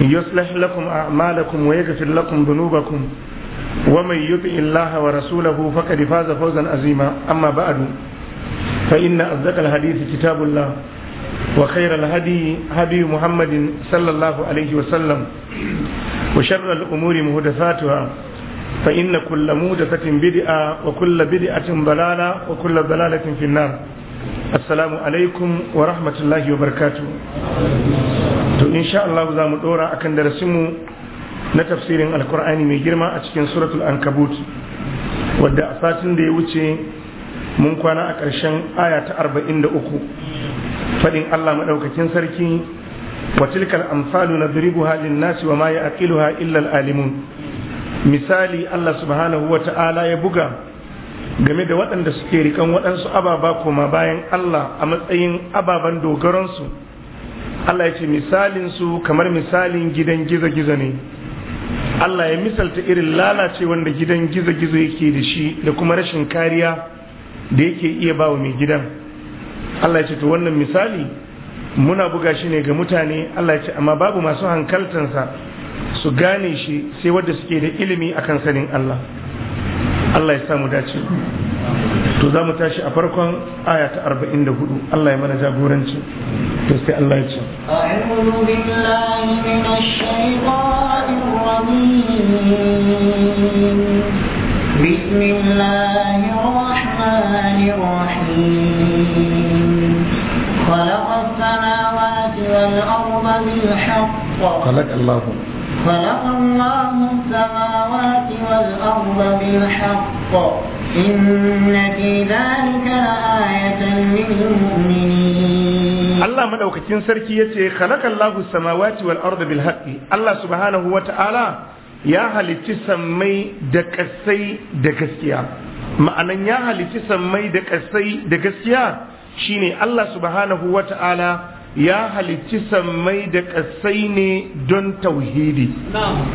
يصلح لكم أعمالكم ويغفر لكم ذنوبكم ومن يطع الله ورسوله فقد فاز فوزا عظيما أما بعد فإن أصدق الحديث كتاب الله وخير الهدي هدي محمد صلى الله عليه وسلم وشر الأمور مهدفاتها فإن كل مهدفة بدعة وكل بدعة ضلالة وكل ضلالة في النار السلام عليكم ورحمة الله وبركاته to insha Allah za mu dora akan darasinmu na tafsirin alkur'ani mai girma a cikin suratul ankabut wadda a satin da ya wuce mun kwana a ƙarshen aya ta arba'in da uku faɗin Allah maɗaukakin sarki wa tilkal amsalu nadribuha lin-nasi wa ma ya'qiluha ha illal alimun misali Allah subhanahu wa ta'ala ya buga game da waɗanda suke rikan waɗansu ababa koma bayan Allah a matsayin ababen dogaransu Allah ya ce misalin su kamar misalin gidan giza-giza ne Allah ya misalta irin lalace wanda gidan giza-giza yake da shi da kuma rashin kariya da yake iya bawa mai gidan Allah ya ce to wannan misali muna buga shi ne ga mutane Allah ya ce amma babu masu hankaltansa su gane shi sai wadda suke da ilimi akan sanin Allah Allah ya samu dace to za mu tashi a farkon aya ta 44 Allah ya mana jagoranci to sai Allah ya ce a'udhu billahi minash shaitanir خلق السماوات والأرض بالحق خلق الله خلق الله السماوات والأرض بالحق إن في ذلك لآية للمؤمنين الله من أوكتين سركية خلق الله السماوات والأرض بالحق الله سبحانه وتعالى ya halitti sammai da kasai da gaskiya ma'anan ya halitti sammai da ƙasai da gaskiya shine Allah subhanahu ta'ala ya halitti sammai da ƙasai ne don tauhidi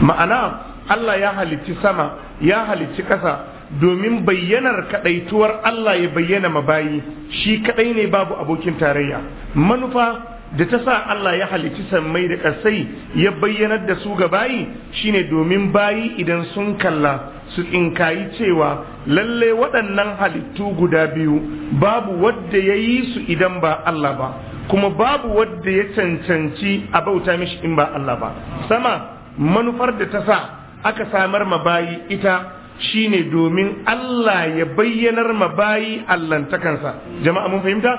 ma'ana Allah ya halitti sama ya halicci ƙasa domin bayyanar kadaituwar Allah ya bayyana ma bayi shi kadai ne babu abokin tarayya manufa da ta sa Allah ya halicci sammai da ƙasai ya bayyanar da su ga bayi shine domin bayi idan sun kalla su tsinkayi cewa lalle waɗannan halittu guda biyu babu wadda ya yi su idan ba Allah ba kuma babu wadda ya cancanci a bauta mishi in ba Allah ba sama manufar da ta sa aka samar ma bayi ita Shi ne domin Allah ya bayyanar ma bayi allantakansa jama'a mun fahimta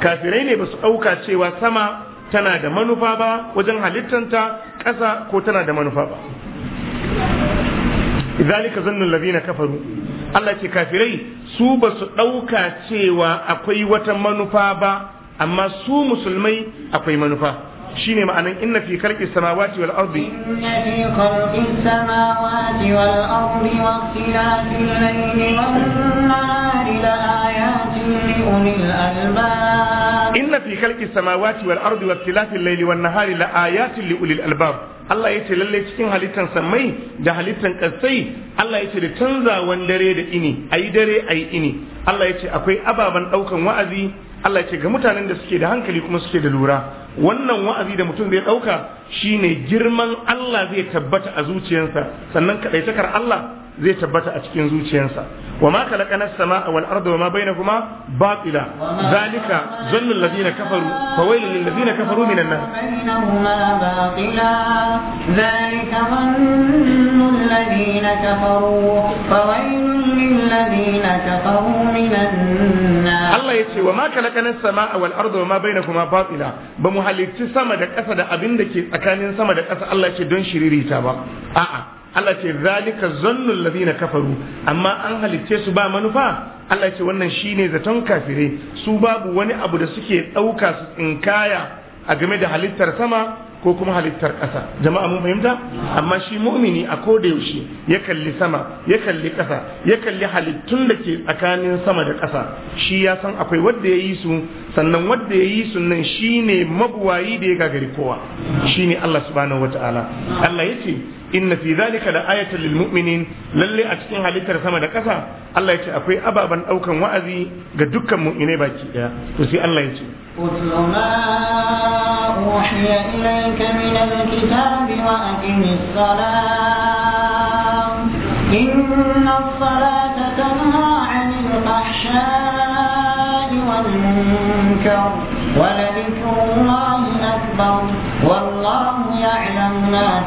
kafirai ne ba su ɗauka cewa sama tana da manufa ba wajen halittanta ƙasa ko tana da manufa ba zalika zannun lazina kafaru Allah ce kafirai su basu su ɗauka cewa akwai wata manufa ba amma su musulmai akwai manufa shine ma'anan inna fi khalqis samawati wal ardi inna fi khalqis samawati wal ardi wa ikhtilafil layli wan nahari la ayatin li ulil albab inna fi khalqis samawati wal ardi wa ikhtilafil layli wan nahari la ayatin li ulil albab Allah ya ce lalle cikin halittan samai da halittan kasai Allah ya ce da canzawan dare da ini ayi dare ayi ini Allah ya ce akwai ababen daukan wa'azi Allah ya ce ga mutanen da suke da hankali kuma suke da lura wannan wa'azi da mutum zai ɗauka shine girman Allah zai tabbata a zuciyarsa sannan kaɗaitakar Allah zai tabbata a cikin zuciyarsa wa ma khalaqana as-samaa wal arda wa ma bainahuma batila zalika zannul ladina kafaru fa wailul lil ladina kafaru minan nar batila zalika zannul ladina kafaru fa wailul lil ladina kafaru minan nar Allah yace wa ma khalaqana as-samaa wal arda wa ma bainahuma batila ba mu halitti sama da ƙasa da abin da ke tsakanin sama da ƙasa Allah ce don shiririta ba a'a Allah ce zalika zannul ladina kafaru amma an halicce su ba manufa Allah ce wannan shine zaton kafirai su babu wani abu da suke ɗauka su tsinkaya a game da halittar sama ko kuma halittar ƙasa jama'a mun fahimta amma shi mumini a ko da yaushe ya kalli sama ya kalli ƙasa ya kalli halittun da ke tsakanin sama da ƙasa shi ya san akwai wanda ya yi su sannan wanda ya yi su nan shine mabuwayi da ya gagari kowa shine Allah subhanahu wataala Allah yace inna fi zalika la ayatan lil mu'minin lalle a cikin halittar sama da ƙasa Allah yace akwai ababan daukan wa'azi ga dukkan mu'minai baki daya to sai Allah yace قل ما أوحي إليك من الكتاب وأقم الصلاة إن الصلاة تنهى عن الفحشاء والمنكر ولذكر الله أكبر Allah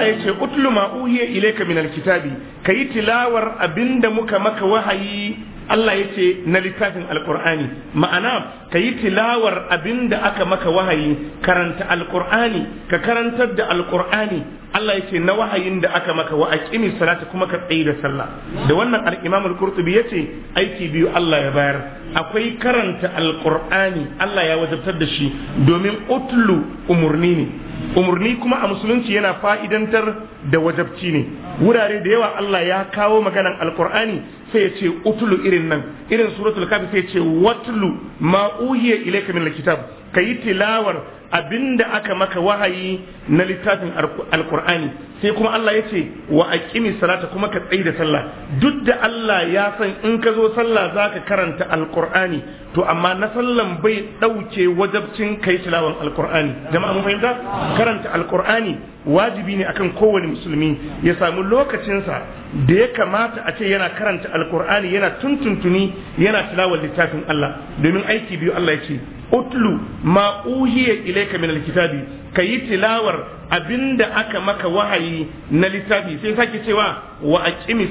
ya ce, utlu ma uhiye ilaika minal kitabi, ka yi tilawar abinda muka maka wahayi Allah ya ce na littafin alkur'ani ma'ana ka yi tilawar abin da aka maka wahayi karanta alkur'ani ka karantar da alkur'ani Allah ya ce na wahayin da aka maka wa aqimi salata kuma ka tsayi da sallah da wannan al-Imam al-Qurtubi yace aiki biyu Allah ya bayar akwai karanta alkur'ani Allah ya wajabtar da shi domin utlu umurni ne umarni kuma a musulunci yana fa'idantar da wajabci ne wurare da yawa Allah ya kawo maganan alkur'ani sai ya ce utulu irin nan irin suratul kafi sai ya ce watlu ma uhiya lakitab min kitab. ka yi tilawar abinda aka maka wahayi na littafin alkur'ani sai kuma Allah ya ce wa aqimi salata kuma ka tsaye da sallah duk da Allah ya san in ka zo sallah za ka karanta alkur'ani to amma na sallan bai ɗauke wajabcin yi tilawar alkur'ani jama'a mun fahimta karanta alkur'ani wajibi ne akan kowane musulmi ya samu lokacinsa da ya kamata a ce yana karanta alkur'ani yana tuntuntuni yana tilawar littafin Allah domin aiki biyu Allah ya ce utlu ma uhiya ilayka min alkitabi ka yi tilawar abinda aka maka wahayi na littafi sai sake cewa wa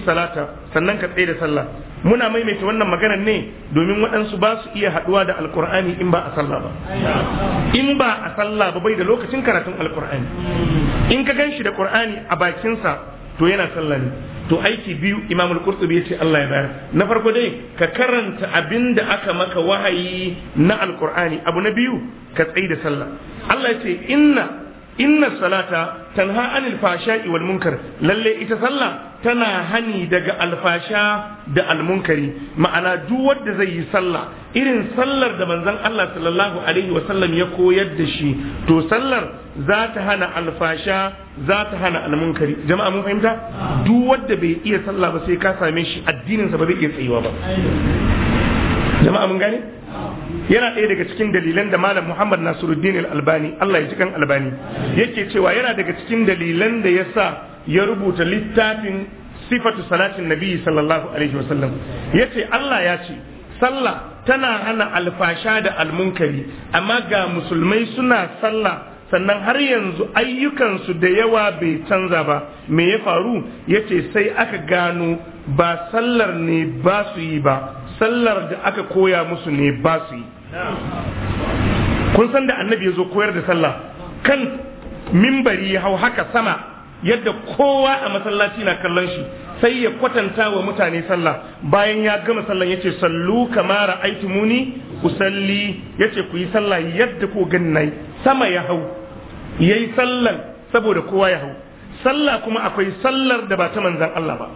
salata sannan ka tsaye da sallah muna maimaita wannan maganar ne domin waɗansu ba su iya haɗuwa da alkur'ani in ba a sallah ba in ba a sallah ba bai da lokacin karatun alkur'ani in ka gan shi da ƙur'ani a bakinsa to yana sallah ne to aiki biyu imamul qurtubi ce Allah ya bayar na farko dai ka karanta abin da aka maka wahayi na alqur'ani abu na biyu ka tsayi da sallah Allah yace inna inna salata tanha anil fasha'i wal munkar lalle ita sallah tana hani daga alfasha da almunkari ma'ana duk wanda zai yi sallah irin sallar da manzon Allah sallallahu alaihi wasallam ya koyar da shi to sallar za ta hana alfasha za ta hana almunkari jama'a mun fahimta duk wanda bai iya sallah ba sai ka same shi addinin sa ba zai iya tsayuwa ba jama'a mun gane yana ɗaya daga cikin dalilan da malam Muhammad Nasiruddin Al-Albani Allah ya ji kan Albani yake cewa yana daga cikin dalilan da ya sa ya rubuta littafin sifatu salatin nabi sallallahu alaihi wasallam yace Allah ya ce sallah tana hana alfasha da almunkari amma ga musulmai suna sallah sannan har yanzu ayyukansu da yawa bai canza ba me ya faru yace sai aka gano ba sallar ne ba su yi ba sallar da aka koya musu ne ba su yi kun san da annabi ya zo koyar da sallah kan mimbari ya hau haka sama yadda kowa a masallaci na kallon shi sai ya kwatanta wa mutane sallah bayan ya gama ya ce sallu kamara ku salli. Ya ce ku yi sallah yadda ko gannai sama ya hau ya yi sallan saboda kowa ya hau sallah kuma akwai sallar da ba ta manzan Allah ba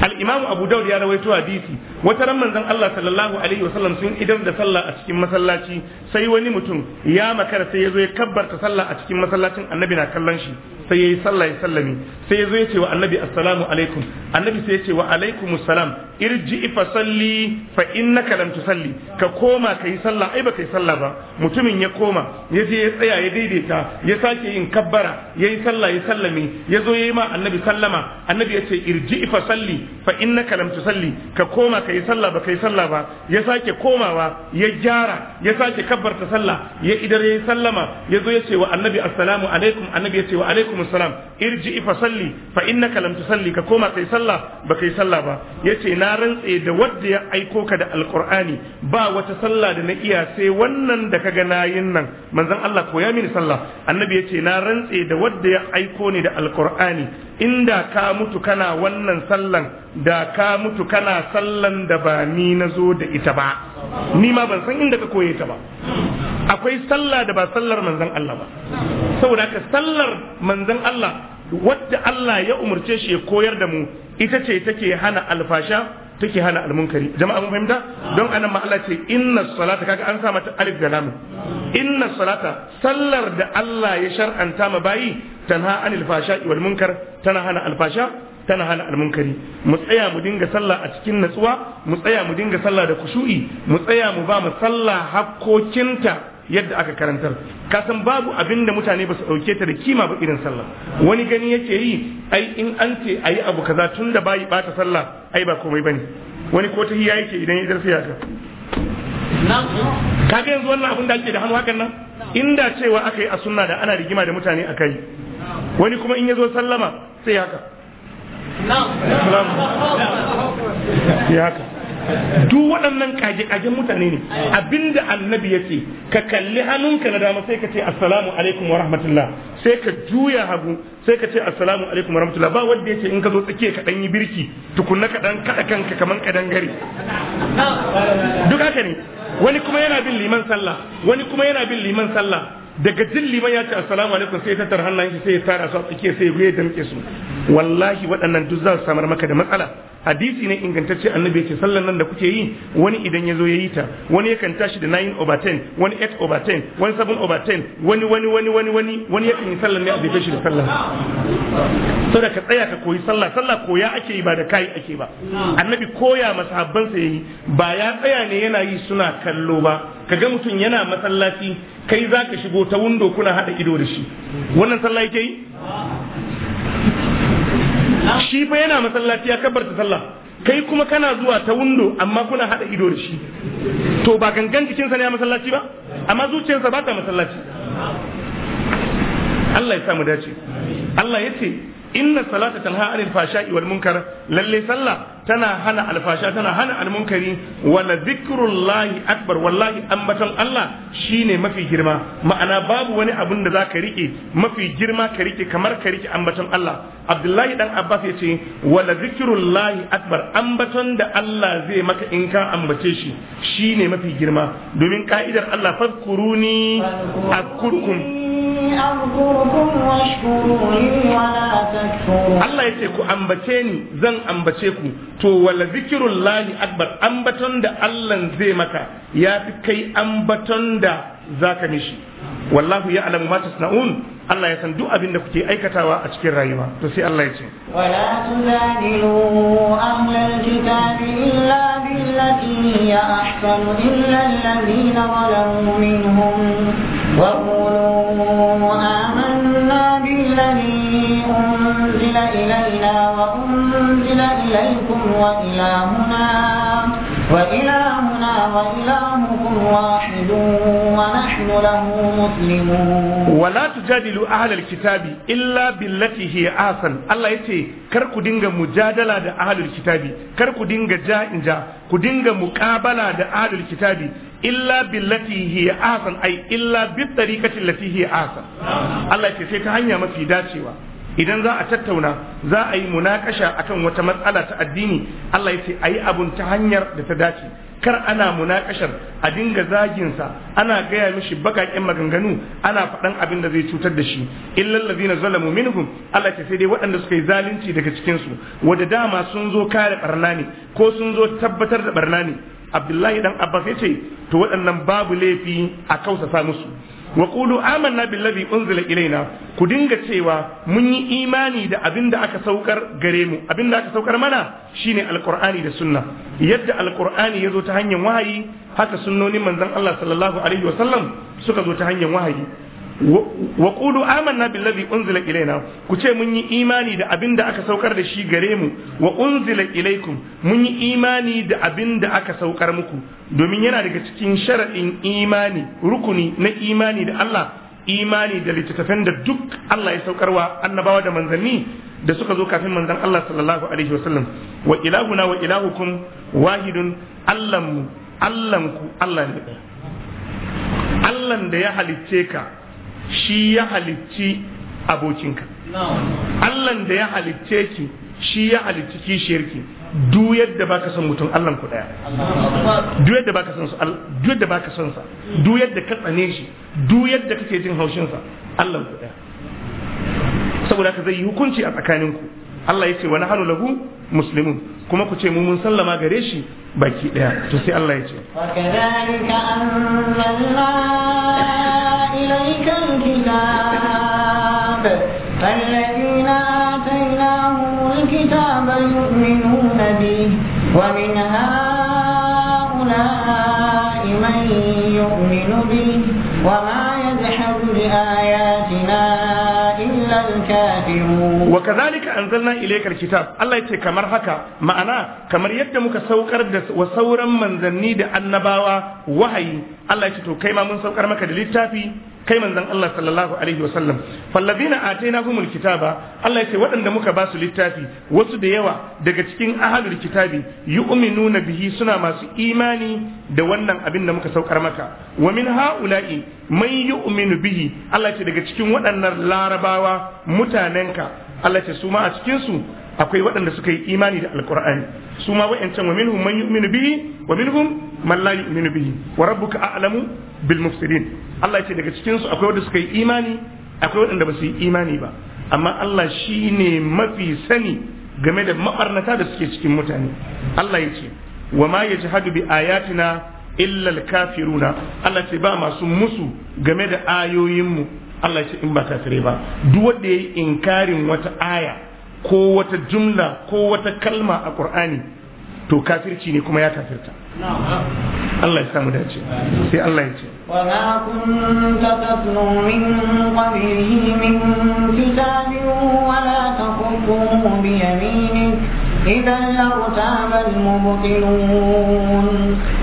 al abu daud ya rawaito hadisi wata ran manzan Allah sallallahu alaihi wasallam sun idan da sallah a cikin masallaci sai wani mutum ya makara sai yazo ya kabbarta sallah a cikin masallacin annabi na kallon shi sai yayi sallah ya sallami sai yazo ya ce wa annabi assalamu alaikum annabi sai ya ce wa alaikum salam irji fa salli fa innaka lam tusalli ka koma yi sallah ai ba yi sallah ba mutumin ya koma ya je ya tsaya ya daidaita ya sake yin kabbara yayi sallah ya sallami ya zo ya yi ma annabi sallama annabi ya ce irji fa salli fa innaka lam tusalli ka koma ka yi sallah ba ka yi sallah ba ya sake komawa ya gyara ya sake kabbarta sallah ya idar ya yi sallama ya zo ya ce wa annabi assalamu alaikum annabi ya ce wa alaikum assalam irji fa salli fa innaka lam tusalli ka koma ka yi sallah ba ka yi sallah ba ya ce na rantse da wanda ya aiko ka da alqur'ani ba wata sallah da na iya sai wannan da kaga nayin nan manzon Allah koya mini sallah annabi ya ce na rantse da wanda ya aiko ne da alkur'ani inda ka mutu kana wannan sallan da ka mutu kana sallan da ba ni na zo da ita ba ni ma ban san inda ka koye ta ba akwai sallah da ba sallar manzon Allah ba saboda ka sallar manzon Allah wadda Allah ya umarce shi ya koyar da mu ita ce take hana alfasha take hana almunkari jama'a mun fahimta don anan ma Allah ce inna salata kaga an sa mata alif da lam inna salata sallar da Allah ya shar'anta ma bayi tanha anil fasha wal munkar tana hana alfasha tana hana almunkari mu tsaya mu dinga sallah a cikin natsuwa mu tsaya mu dinga sallah da kushu'i mu tsaya mu ba mu sallah hakkokinta yadda aka karantar ka san babu abin da mutane ba su dauke ta da kima ba irin sallah wani gani yake yi ai in an ce ayi abu kaza tun da bayi bata sallah ai ba komai bane wani ko ta hiya yake idan ya darsa ya ka ga yanzu wannan abin da ake da hannu hakan nan inda cewa aka yi a sunna da ana rigima da mutane a kai wani kuma in ya zo sallama sai haka ya haka duk waɗannan kaje-kajen mutane ne abinda annabi ya ce ka kalli hannunka na dama sai ka ce assalamu alaikum wa rahmatullah sai ka juya hagu sai ka ce assalamu alaikum wa rahmatullah ba wanda ya ce in ka zo tsakiya ka ɗan yi birki tukunna ka ɗan kaɗa kanka kaman kaɗan gari duk haka ne wani kuma yana bin liman sallah wani kuma yana bin liman sallah daga jin liman ya ce assalamu alaikum sai tattar hannayen shi sai ya tara su a tsakiya sai ya goye damke su wallahi waɗannan duk za su samar maka da matsala hadisi ne ingantacce annabi ce sallan nan da kuke yi wani idan ya zo ya yi ta wani yakan tashi da 9 over 10 wani 8 over 10 wani 7 over 10 wani wani wani wani wani wani yakan yi sallan ne a jefe shi da sallah saboda ka tsaya ka koyi sallah sallah koya ake yi ba da kai ake ba annabi koya masahabbansa yi ba ya tsaya ne yana yi suna kallo ba kaga mutum yana masallaci kai zaka shigo ta window kuna hada ido da shi wannan sallah yake yi shi fa yana masallaci ya kabbarta sallah kai kuma kana zuwa ta wundo amma kuna hada ido da shi to ba gangan jikinsa ne a masallaci ba amma zuciyarsa ba ta masallaci Allah ya samu dace Allah ya ce inna salata tanha anil fashai wal munkar lalle sallah tana hana alfasha tana hana almunkari wala zikrullahi akbar wallahi ambaton Allah shine mafi girma ma'ana babu wani abun da zaka rike mafi girma ka rike kamar ka rike ambaton Allah Abdullahi dan Abbas yace wala zikrullahi akbar ambaton da Allah zai maka in ka ambace shi shine mafi girma domin ka'idar Allah fadkuruni akurkum Allah ya ce ku ambace ni zan ambace ku to wala zikirun lahi akbar ambaton da Allah zai maka ya fi kai ambaton da za ka mishi wallahu ya alamu ma tasna'un Allah ya san duk abin da kuke aikatawa a cikin rayuwa to sai Allah ya ce wala tunadilu ahlal kitabi illa billati ya ahsanu illa alladhina zalamu minhum Baɓuro na ban lafiya ne,un kitabi illa bin Latihiya Asan,Allah ya ce kar ku dinga mujadala da adar kar ku dinga ja ku dinga muƙabala da adar kitabi. illa billati hi ahsan ay illa bi tariqati lati hi ahsan Allah ce sai ta hanya mafi dacewa idan za a tattauna za a yi munakasha akan wata matsala ta addini Allah ya ce ayi abun ta hanyar da ta dace kar ana munakashar a dinga zagin sa ana gaya mishi bakakin maganganu ana faɗan abin da zai cutar da shi illal ladina zalamu minhum Allah ta sai dai waɗanda suka yi zalunci daga cikin su wanda dama sun zo kare barna ne ko sun zo tabbatar da barna ne abdullahi dan abbas ya ce to waɗannan babu laifi a kausasa musu wa qulu amanna billazi unzila ilaina ku dinga cewa mun yi imani da abin da aka saukar gare mu abin da aka saukar mana shine alqur'ani da sunna yadda alqur'ani ya zo ta hanyar wahayi haka sunnonin manzon Allah sallallahu alaihi wasallam suka zo ta hanyar wahayi wa qulu amanna billazi unzila ilaina ku ce mun yi imani da abin da aka saukar da shi gare mu wa unzila ilaikum mun yi imani da abin da aka saukar muku domin yana daga cikin sharadin imani rukuni na imani da Allah imani da littattafan da duk Allah ya saukarwa annabawa da manzanni da suka zo kafin manzan Allah sallallahu alaihi wasallam wa ilahuna wa ilahukum wahidun Allahnmu Allahnku Allah ne Allahn da ya halicce ka shi ya halicci abokinka Allah da ya halicce ki shi ya halicci kishiyarki duk yadda baka son mutum Allah ku daya duk yadda baka son su duk yadda baka son sa duk yadda ka tsane shi duk yadda kake jin haushin sa Allah ku daya saboda ka zai yi hukunci a tsakaninku Allah ya ce wa nahnu lahu muslimun kuma ku ce mu mun sallama gare shi baki daya to sai Allah ya ce وكذلك أنزلنا إليك الكتاب فالذين آتيناهم الكتاب يؤمنون به ومن هؤلاء من يؤمن به وما يجحد بآياتنا kafirun wa kadhalika anzalna ilaykal kitab Allah yace kamar haka ma'ana kamar yadda muka saukar da wa sauran manzanni da annabawa wahayi Allah yace to kai ma mun saukar maka da littafi kai manzon Allah sallallahu alaihi wasallam fallazina atainahumul kitaba Allah yace waɗanda muka ba su littafi wasu da yawa daga cikin ahlul kitabi yu'minuna bihi suna masu imani da wannan abin da muka saukar maka wa min haula'i man yu'minu bihi Allah yace daga cikin waɗannan larabawa mutanenka Allah yace su ma a cikin su akwai waɗanda suka yi imani da alkur'ani su ma wa'ancan wa minhum man yu'minu bihi wa minhum man la yu'minu bihi wa rabbuka a'lamu bil mufsidin Allah ce daga cikin su akwai waɗanda suka yi imani akwai waɗanda ba su yi imani ba amma Allah shine mafi sani game da mabarnata da suke cikin mutane Allah ya ce wa ma yajhadu bi ayatina illal kafiruna Allah ce ba masu musu game da ayoyinmu Allah ce in ba kafire ba duk wanda yayi inkarin wata aya ko wata jumla ko wata kalma a ƙur'ani to kafirci ne kuma ya kafirta Allah ya samu dace sai Allah ya ce wa kunta tatlu min qabli min kitabi wa la taqulu bi yamini idan la utaba al mubtilun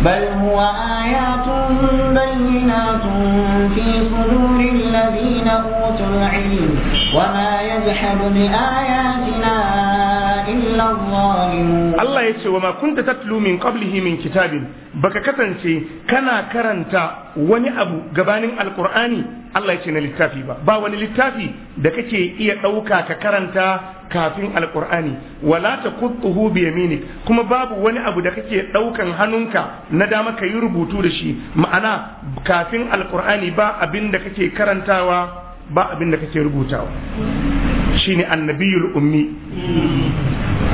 bal huwa ayatun bayyinatun fi suduril ladina utul ilm وما يجحد بآياتنا إلا الظالمون الله يتشي وما كنت تتلو من قبله من كتاب بك كتنشي كنا كرنتا وني أبو قبان القرآن الله يتشي نلتافي با با وني لتافي دكتشي إيا أوكا ككرنتا kafin alkur'ani wala ta kutuhu bi yaminik kuma babu wani abu da kake daukan hannunka na dama ka yi rubutu da shi ma'ana kafin alkur'ani ba abin da kake karantawa ba abin da kake rubutawa shine annabiyul ummi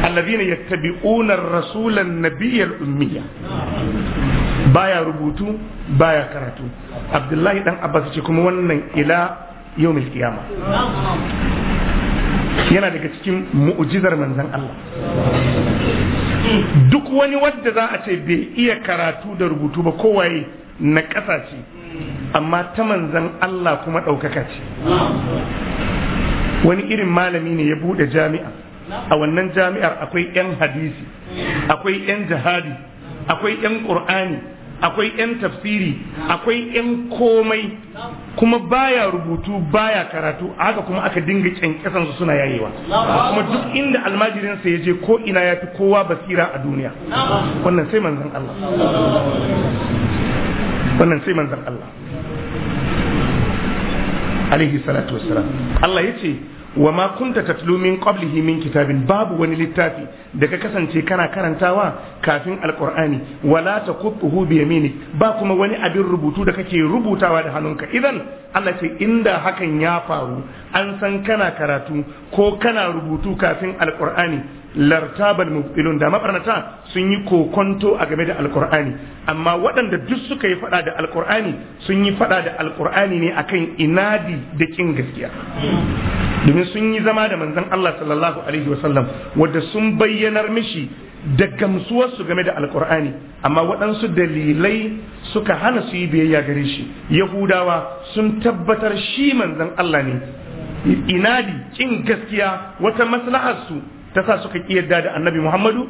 alladhina yattabi'una rasulan nabiyyal ummiya baya rubutu baya karatu abdullahi dan abbas ce kuma wannan ila yawmil qiyama yana daga cikin mu'jizar manzon Allah duk wani wanda za a ce bai iya karatu da rubutu ba kowaye na ƙasa amma ta manzan Allah kuma ɗaukaka ce wani irin malami ne ya buɗe jami'a a wannan jami'ar akwai 'yan hadisi akwai 'yan jihadi akwai 'yan ƙur'ani akwai 'yan tafsiri akwai 'yan komai kuma baya rubutu baya karatu haka kuma aka dinga kyankyasan su suna yayewa kuma duk inda almajirinsa ya je ko ina ya fi kowa basira a duniya wannan sai manzan Allah wannan sai manzan Allah alaihi salatu wassalam Allah ce wa ma kunta tatlu min qablihi min kitabin babu wani littafi da ka kasance kana karantawa kafin alqur'ani wala taqutuhu bi yaminik ba kuma wani abin rubutu da kake rubutawa da hannunka idan Allah ce inda hakan ya faru an san kana karatu ko kana rubutu kafin alqur'ani lartabal mubtilun da mabarnata sun yi kokonto a game da alkur'ani amma waɗanda duk suka yi fada da alkur'ani sun yi fada da alkur'ani ne akan inadi da kin gaskiya domin sun yi zama da manzon Allah sallallahu alaihi wasallam wanda sun bayyanar mishi da gamsuwarsu game da alkur'ani amma waɗansu dalilai suka hana su yi biyayya gare shi yahudawa sun tabbatar shi manzon Allah ne inadi kin gaskiya wata su ta sa suka ki yarda da annabi Muhammadu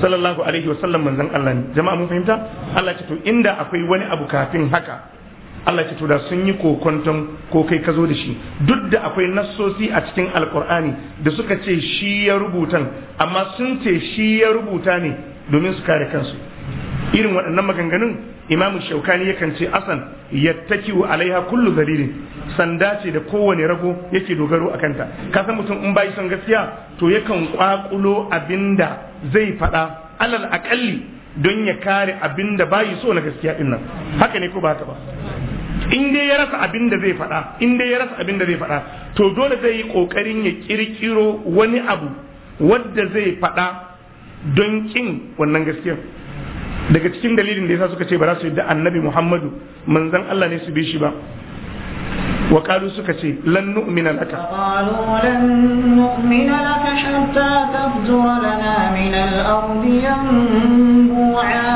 sallallahu alaihi wasallam manzon Allah ne jama'a mun fahimta Allah ce to inda akwai wani abu kafin haka Allah ce to da sun yi kokonton ko kai ka zo da shi duk da akwai nassosi a cikin alkur'ani da suka ce shi ya rubutan amma sun ce shi ya rubuta ne domin su kare kansu irin waɗannan maganganun imam shaukani yakan ce asan yattakiu alaiha kullu dalilin sanda ce da kowane rago yake dogaro a kanta san mutum in bai son gaskiya to yakan kwakulo abinda zai faɗa alal akalli don ya kare abinda bai so na gaskiya din nan haka ne ko ba haka ba in dai ya rasa abin zai faɗa in dai ya rasa abin zai faɗa to dole zai yi ƙoƙarin ya ƙirƙiro wani abu wanda zai faɗa don ƙin wannan gaskiyar daga cikin dalilin da yasa suka ce ba za su yi da annabi muhammadu manzan allah ne su bi shi ba wa kalu suka ce lan nu'mina laka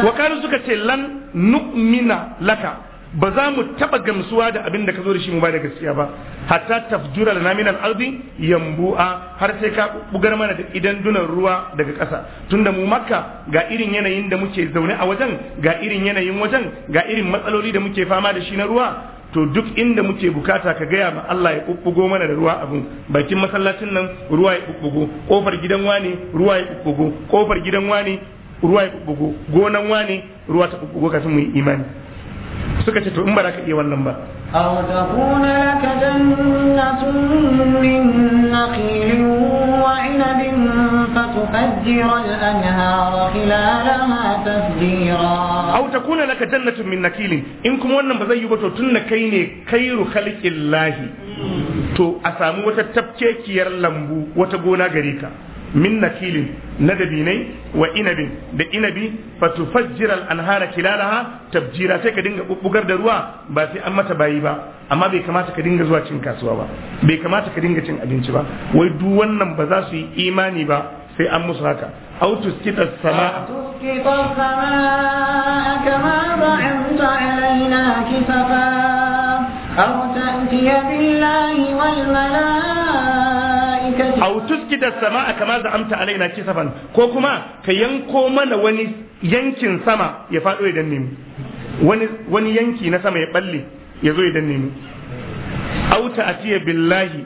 wa kalu suka ce lan nu'mina laka ba za mu taba gamsuwa da abin da ka zo da shi mu ba da gaskiya ba hatta tafjura lana al ardi yambu'a har sai ka bugar mana da idan dunan ruwa daga ƙasa tunda mu makka ga irin yanayin da muke zaune a wajen ga irin yanayin wajen ga irin matsaloli da muke fama da shi na ruwa to duk inda muke bukata ka gaya ma Allah ya bubbugo mana da ruwa abun bakin masallacin nan ruwa ya bubbugo kofar gidan wani ruwa ya bubbugo kofar gidan wani ruwa ya bubbugo gonan wani ruwa ta bubbugo kafin mu yi imani suka ce to in ba za ka iya wannan ba aw takuna laka laka jannatun min nakhilin in kuma wannan ba zai yi ba to tunda kai ne khairu khalqillahi to a samu wata tafkekiyar lambu wata gona gare ka Minna nakilin na dabinai wa inabin da inabi jiran an anhara kilalaha tabjira sai ka dinga bubbugar da ruwa ba sai an mata bayi ba amma bai kamata ka dinga zuwa cin kasuwa ba bai kamata ka dinga cin abinci ba wai duk wannan ba za su yi imani ba sai an musu haka au tuskita sama kama ba'amta alaina kisafa aw ta'tiya billahi wal malaa'ikati aw tuskida samaa kama za'amta alaina kisafan ko kuma ka yanko mana wani yankin sama ya fado ya danne wani wani yanki na sama ya balle ya zo ya nemi. Auta aw billahi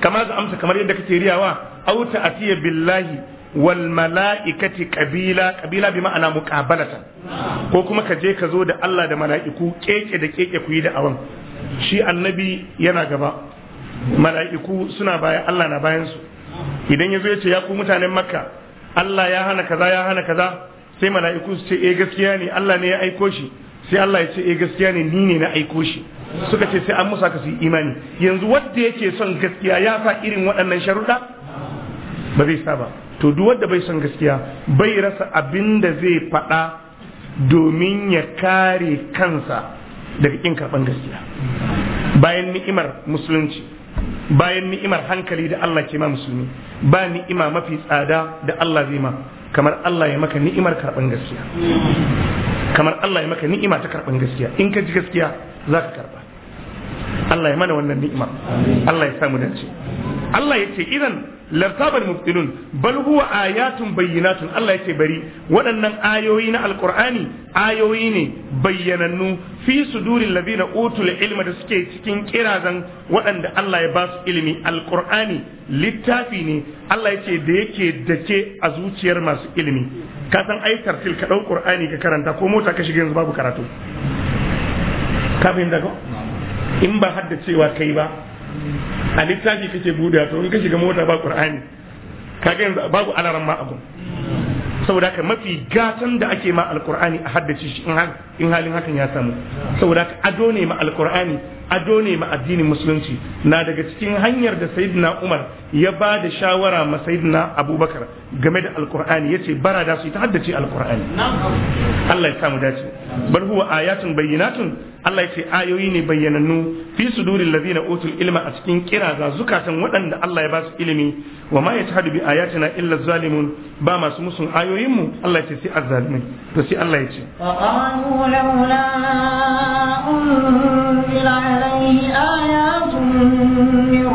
kama za'amta kamar yadda kake riyawa aw atiya billahi wal mala'ikati kabila kabila bi ma'ana muqabalatan ko kuma ka je ka zo da Allah da mala'iku keke da keke ku yi da awan shi annabi yana gaba mala'iku suna bayan Allah na bayan su idan yazo ya ce ya ku mutanen makka Allah ya hana kaza ya hana kaza sai mala'iku su ce eh gaskiya ne Allah ne ya aiko shi sai Allah ya ce eh gaskiya ne ni ne na aiko shi suka ce sai an musa ka su yi imani yanzu wanda yake son gaskiya ya sa irin waɗannan sharuɗa ba zai sa ba to duk wanda bai son gaskiya bai rasa abin da zai faɗa domin ya kare kansa daga kin karɓan gaskiya bayan ni'imar musulunci bayan ni'imar hankali da Allah ke ma musulmi ba ni'ima mafi tsada da Allah zai ma kamar Allah ya maka ni'imar karban gaskiya kamar Allah ya maka ni'ima ta karban gaskiya in ka ji gaskiya za ka karba Allah ya mana wannan ni'ima Allah ya samu dace Allah ya ce idan lartabar mubtilun bal huwa ayatun bayyinatun Allah ya ce bari waɗannan ayoyi na alqur'ani ayoyi ne bayyanannu fi sudurin ladina utul ilma da suke cikin kirazan waɗanda Allah ya ba su ilimi alqur'ani littafi ne Allah ya ce da yake dake a zuciyar masu ilimi ka san ai tartil ka dau qur'ani ka karanta ko mota ka shiga yanzu babu karatu ka fahimta ko in ba haddacewa kai ba a littafi kake buɗe to in ka shiga mota ba qur'ani kaga yanzu babu alaran ma abun saboda haka mafi gatan da ake ma alqur'ani a haddace shi in halin hakan ya samu saboda haka ado ne ma alqur'ani ado ne ma addinin musulunci na daga cikin hanyar da sayyidina umar ya ba da shawara ma sayyidina abubakar game da alqur'ani yace bara da su ta haddace alqur'ani Allah ya samu dace bal huwa ayatun bayyinatun Allah ya ce ayoyi ne bayyanannu fi suduril ladina utul ilma a cikin kiraza zukatan waɗanda Allah ya ba su ilimi wa ma yajhadu bi ayatina illa zalimun ba masu musun ayoyinmu? Allah ya ce sai azzalimin to sai Allah ya ce qalu laula unzila alayhi ayatun min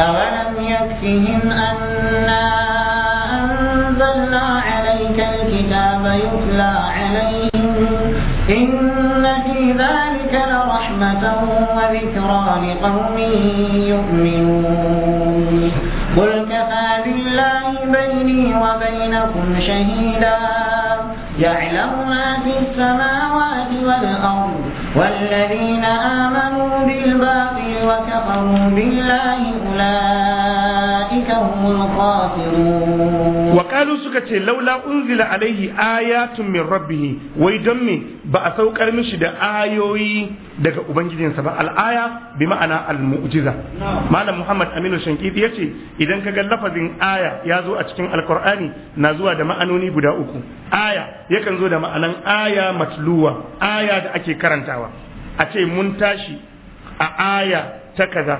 أولم يكفهم أنا أنزلنا عليك الكتاب يتلى عليهم إن في ذلك لرحمة وذكرى لقوم يؤمنون قل كفى بالله بيني وبينكم شهيدا يعلم ما في السماوات والأرض والذين آمنوا بالباطل وكفروا بالله أولئك ulaika suka ce laula unzila alaihi ayatun min rabbih wai don me ba a saukar mishi da ayoyi daga ubangijinsa ba al'aya bi ma'ana al malam muhammad aminu ya ce idan ka ga lafazin aya ya zo a cikin alkur'ani na zuwa da ma'anoni guda uku aya yakan zo da ma'anan aya matluwa aya da ake karantawa a ce mun tashi a aya ta kaza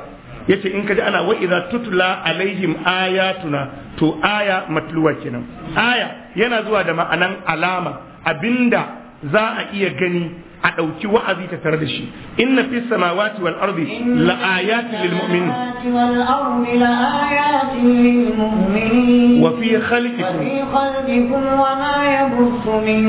yace in kaji ana wa idza tutla alaihim ayatuna to aya matluwa kenan aya yana zuwa da ma'anan alama abinda za a iya gani a ɗauki wa'azi ta tare da shi inna fi samawati wal ardi la ayatin lil mu'minin wa fi khalqikum wa ma yabuthu min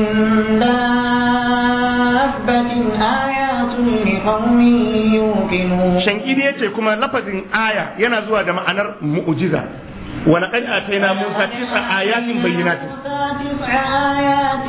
dabbatin ayatun li qaumin yuqinun shan yace kuma lafazin aya yana zuwa da ma'anar mu'jiza ولقد آتينا موسى تسع آيات بينات تسع آيات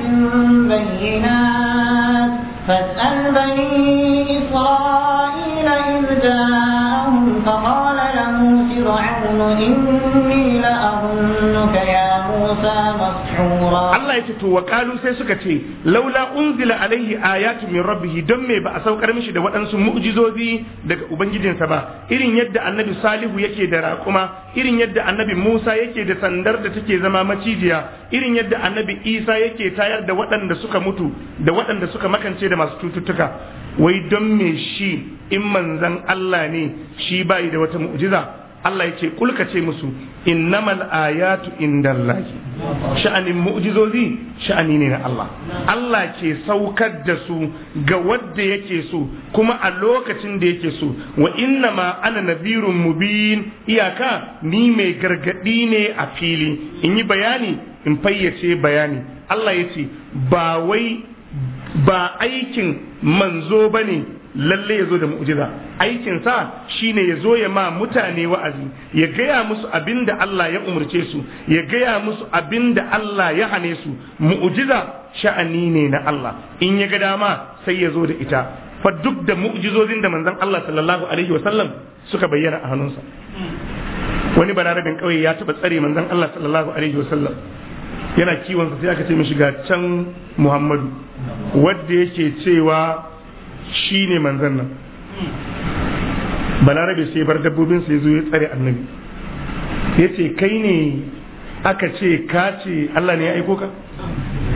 بينات فاسأل بني إسرائيل إذ جاءهم فقال له فرعون إني لأظنك يا موسى مسحورا الله يتتو وقالوا سيسكتي لولا أنزل عليه آيات من ربه دمي بأسو كرمش دا وأنسو مؤجزوذي دا أبنجدين سبا إرين يد النبي صالح يكي دراكما إرين يد النبي annabi Musa yake da sandar da take zama macijiya irin yadda annabi Isa yake tayar da waɗanda suka mutu da waɗanda suka makance da masu cututtuka wai don me shi in manzan Allah ne shi bai da wata mu'jiza Allah yake kulka ce musu innamal ayatu indallahi sha'anin mu'jizozi sha'ani ne na Allah Allah ke saukar da su ga wadda yake so kuma a lokacin da yake so wa innama ana nabirun mubin iyaka ni mai gargadi ne a fili in yi bayani in fayyace bayani Allah ya ce ba wai ba aikin manzo bane lalle ya zo da mu'jiza aikinsa shine ya zo ya ma mutane wa'azi ya gaya musu abin da Allah ya umarce su ya gaya musu abinda Allah ya hane su mu'jiza sha'ani ne na Allah in ya ga dama sai yazo da ita fa duk da mu'jizozin da manzon Allah sallallahu alaihi wasallam suka bayyana a hannunsa wani bararabin kauye ya taba tsare manzon Allah sallallahu alaihi wasallam yana kiwon sa sai aka ce mishi ga can Muhammadu wanda yake cewa shine manzon nan balarabe sai bar dabbobin sai zo ya tsare annabi ya ce kai ne aka ce ka ce Allah ne ya aiko ka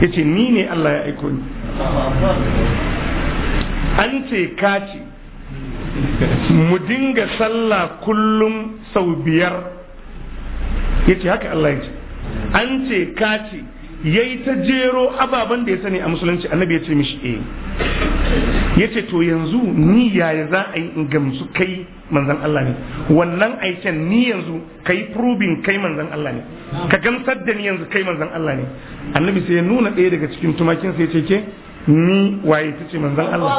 ya ce ni ne Allah ya aiko ni an ce ka ce mu dinga sallah kullum sau biyar ya ce haka Allah ya ce an ce ka ce yi ta jero ababen da ya sani a musulunci annabi ya ce mishi eh ce to yanzu ni yaya za a yi in gamsu kai manzan Allah ne wannan aiken ni yanzu ka yi probing kai manzan Allah ne ka gamsar da ni yanzu kai manzan Allah ne annabi sai ya nuna ɗaya daga cikin tumakin sai ya ce ke ni waye ta ce manzan Allah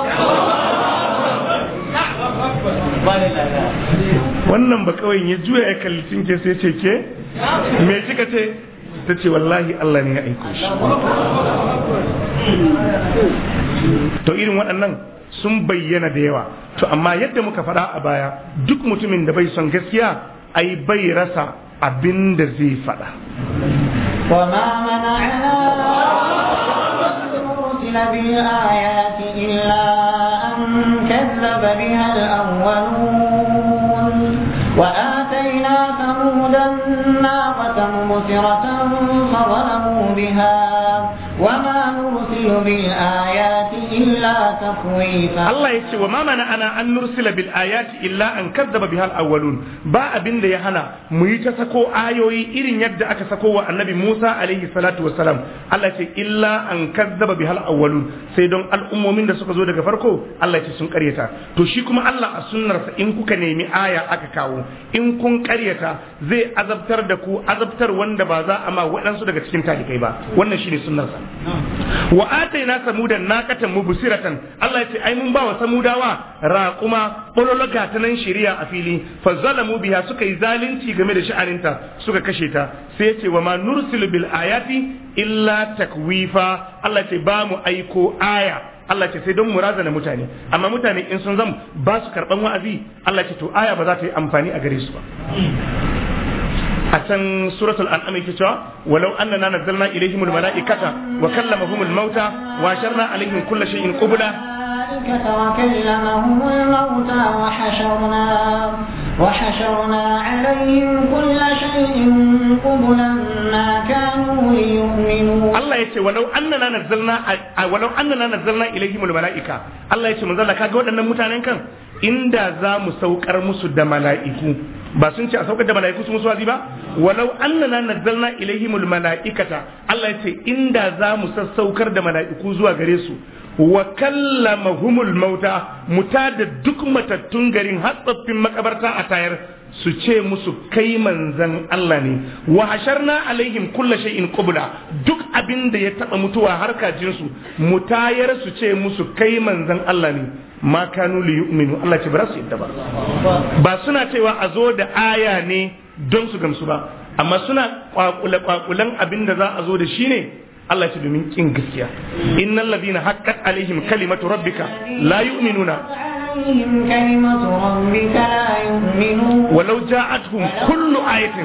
wannan ba kawai ya juya ya kalli cinke sai ce ke me kika ce ta ce wallahi Allah ne ya aiko shi to irin waɗannan sun bayyana da yawa to amma yadda muka faɗa a baya duk mutumin da bai son gaskiya ai bai rasa abin da zai faɗa بالآيات إلا أن كذب بها الأولون وأن ناقة مبصرة فظلموا بها وما نرسل بالآيات Allah ya ce wa mama ana an nursila bil ayati illa an kaddaba bi hal awwalun ba abinda ya hana mu yi ta sako ayoyi irin yadda aka sako wa annabi Musa alaihi salatu wassalam Allah ya ce illa an kaddaba bi hal awwalun sai don al'ummomin da suka zo daga farko Allah ya ce sun karyata to shi kuma Allah a sunnarsa in kuka nemi aya aka kawo in kun karyata zai azabtar da ku azabtar wanda ba za a ma waɗansu daga cikin talibai ba wannan shine sunnar sa wa atayna samudan naqatan mub busiratan Allah ya ce ai mun ba wa samudawa raƙuma bolologa ta nan shari'a a fili fa zalamu biha suka yi zalunci game da sha'aninta suka kashe ta sai ya ce wa ma nursilu bil ayati illa takwifa Allah ce ba mu aiko aya Allah ce sai don mu razana mutane amma mutane in sun zama ba su karban wa'azi Allah ce to aya ba za ta yi amfani a gare su ba أتن سورة الأنعام كتاب ولو أننا نزلنا إليهم الملائكة وكلمهم الموتى وأشرنا عليهم كل شيء قبلا وكلمهم الموتى وحشرنا وحشرنا عليهم كل شيء قبلا ما كانوا ليؤمنوا الله يتي ولو أننا نزلنا ولو أننا نزلنا إليهم الملائكة الله يتي من ذلك كاغو دنن متانن كان إن دازا مستوكر saukar ملائكو ba sun ce a saukar da mala'iku su musu wazi ba walau annana nazzalna ilaihimul mala'ikata Allah ya ce inda za mu sassaukar da mala'iku zuwa gare su wa kallamahumul mauta ta da duk matattun garin hatsaffin makabarta a tayar su ce musu kai manzan Allah ne wa hasharna alaihim kulla shay'in qubla duk abin da ya taba mutuwa har kajin su mutayar su ce musu kai manzan Allah ne ma kanu li yu'minu Allah ce ba su yadda ba ba suna cewa a zo da aya ne don su gamsu ba amma suna kwakula kwakulan abin da za a zo da shi ne Allah ce domin kin gaskiya innal ladina haqqat alaihim kalimatu rabbika la yu'minuna عليهم كلمة ربك لا يؤمنون ولو جاءتهم كل آية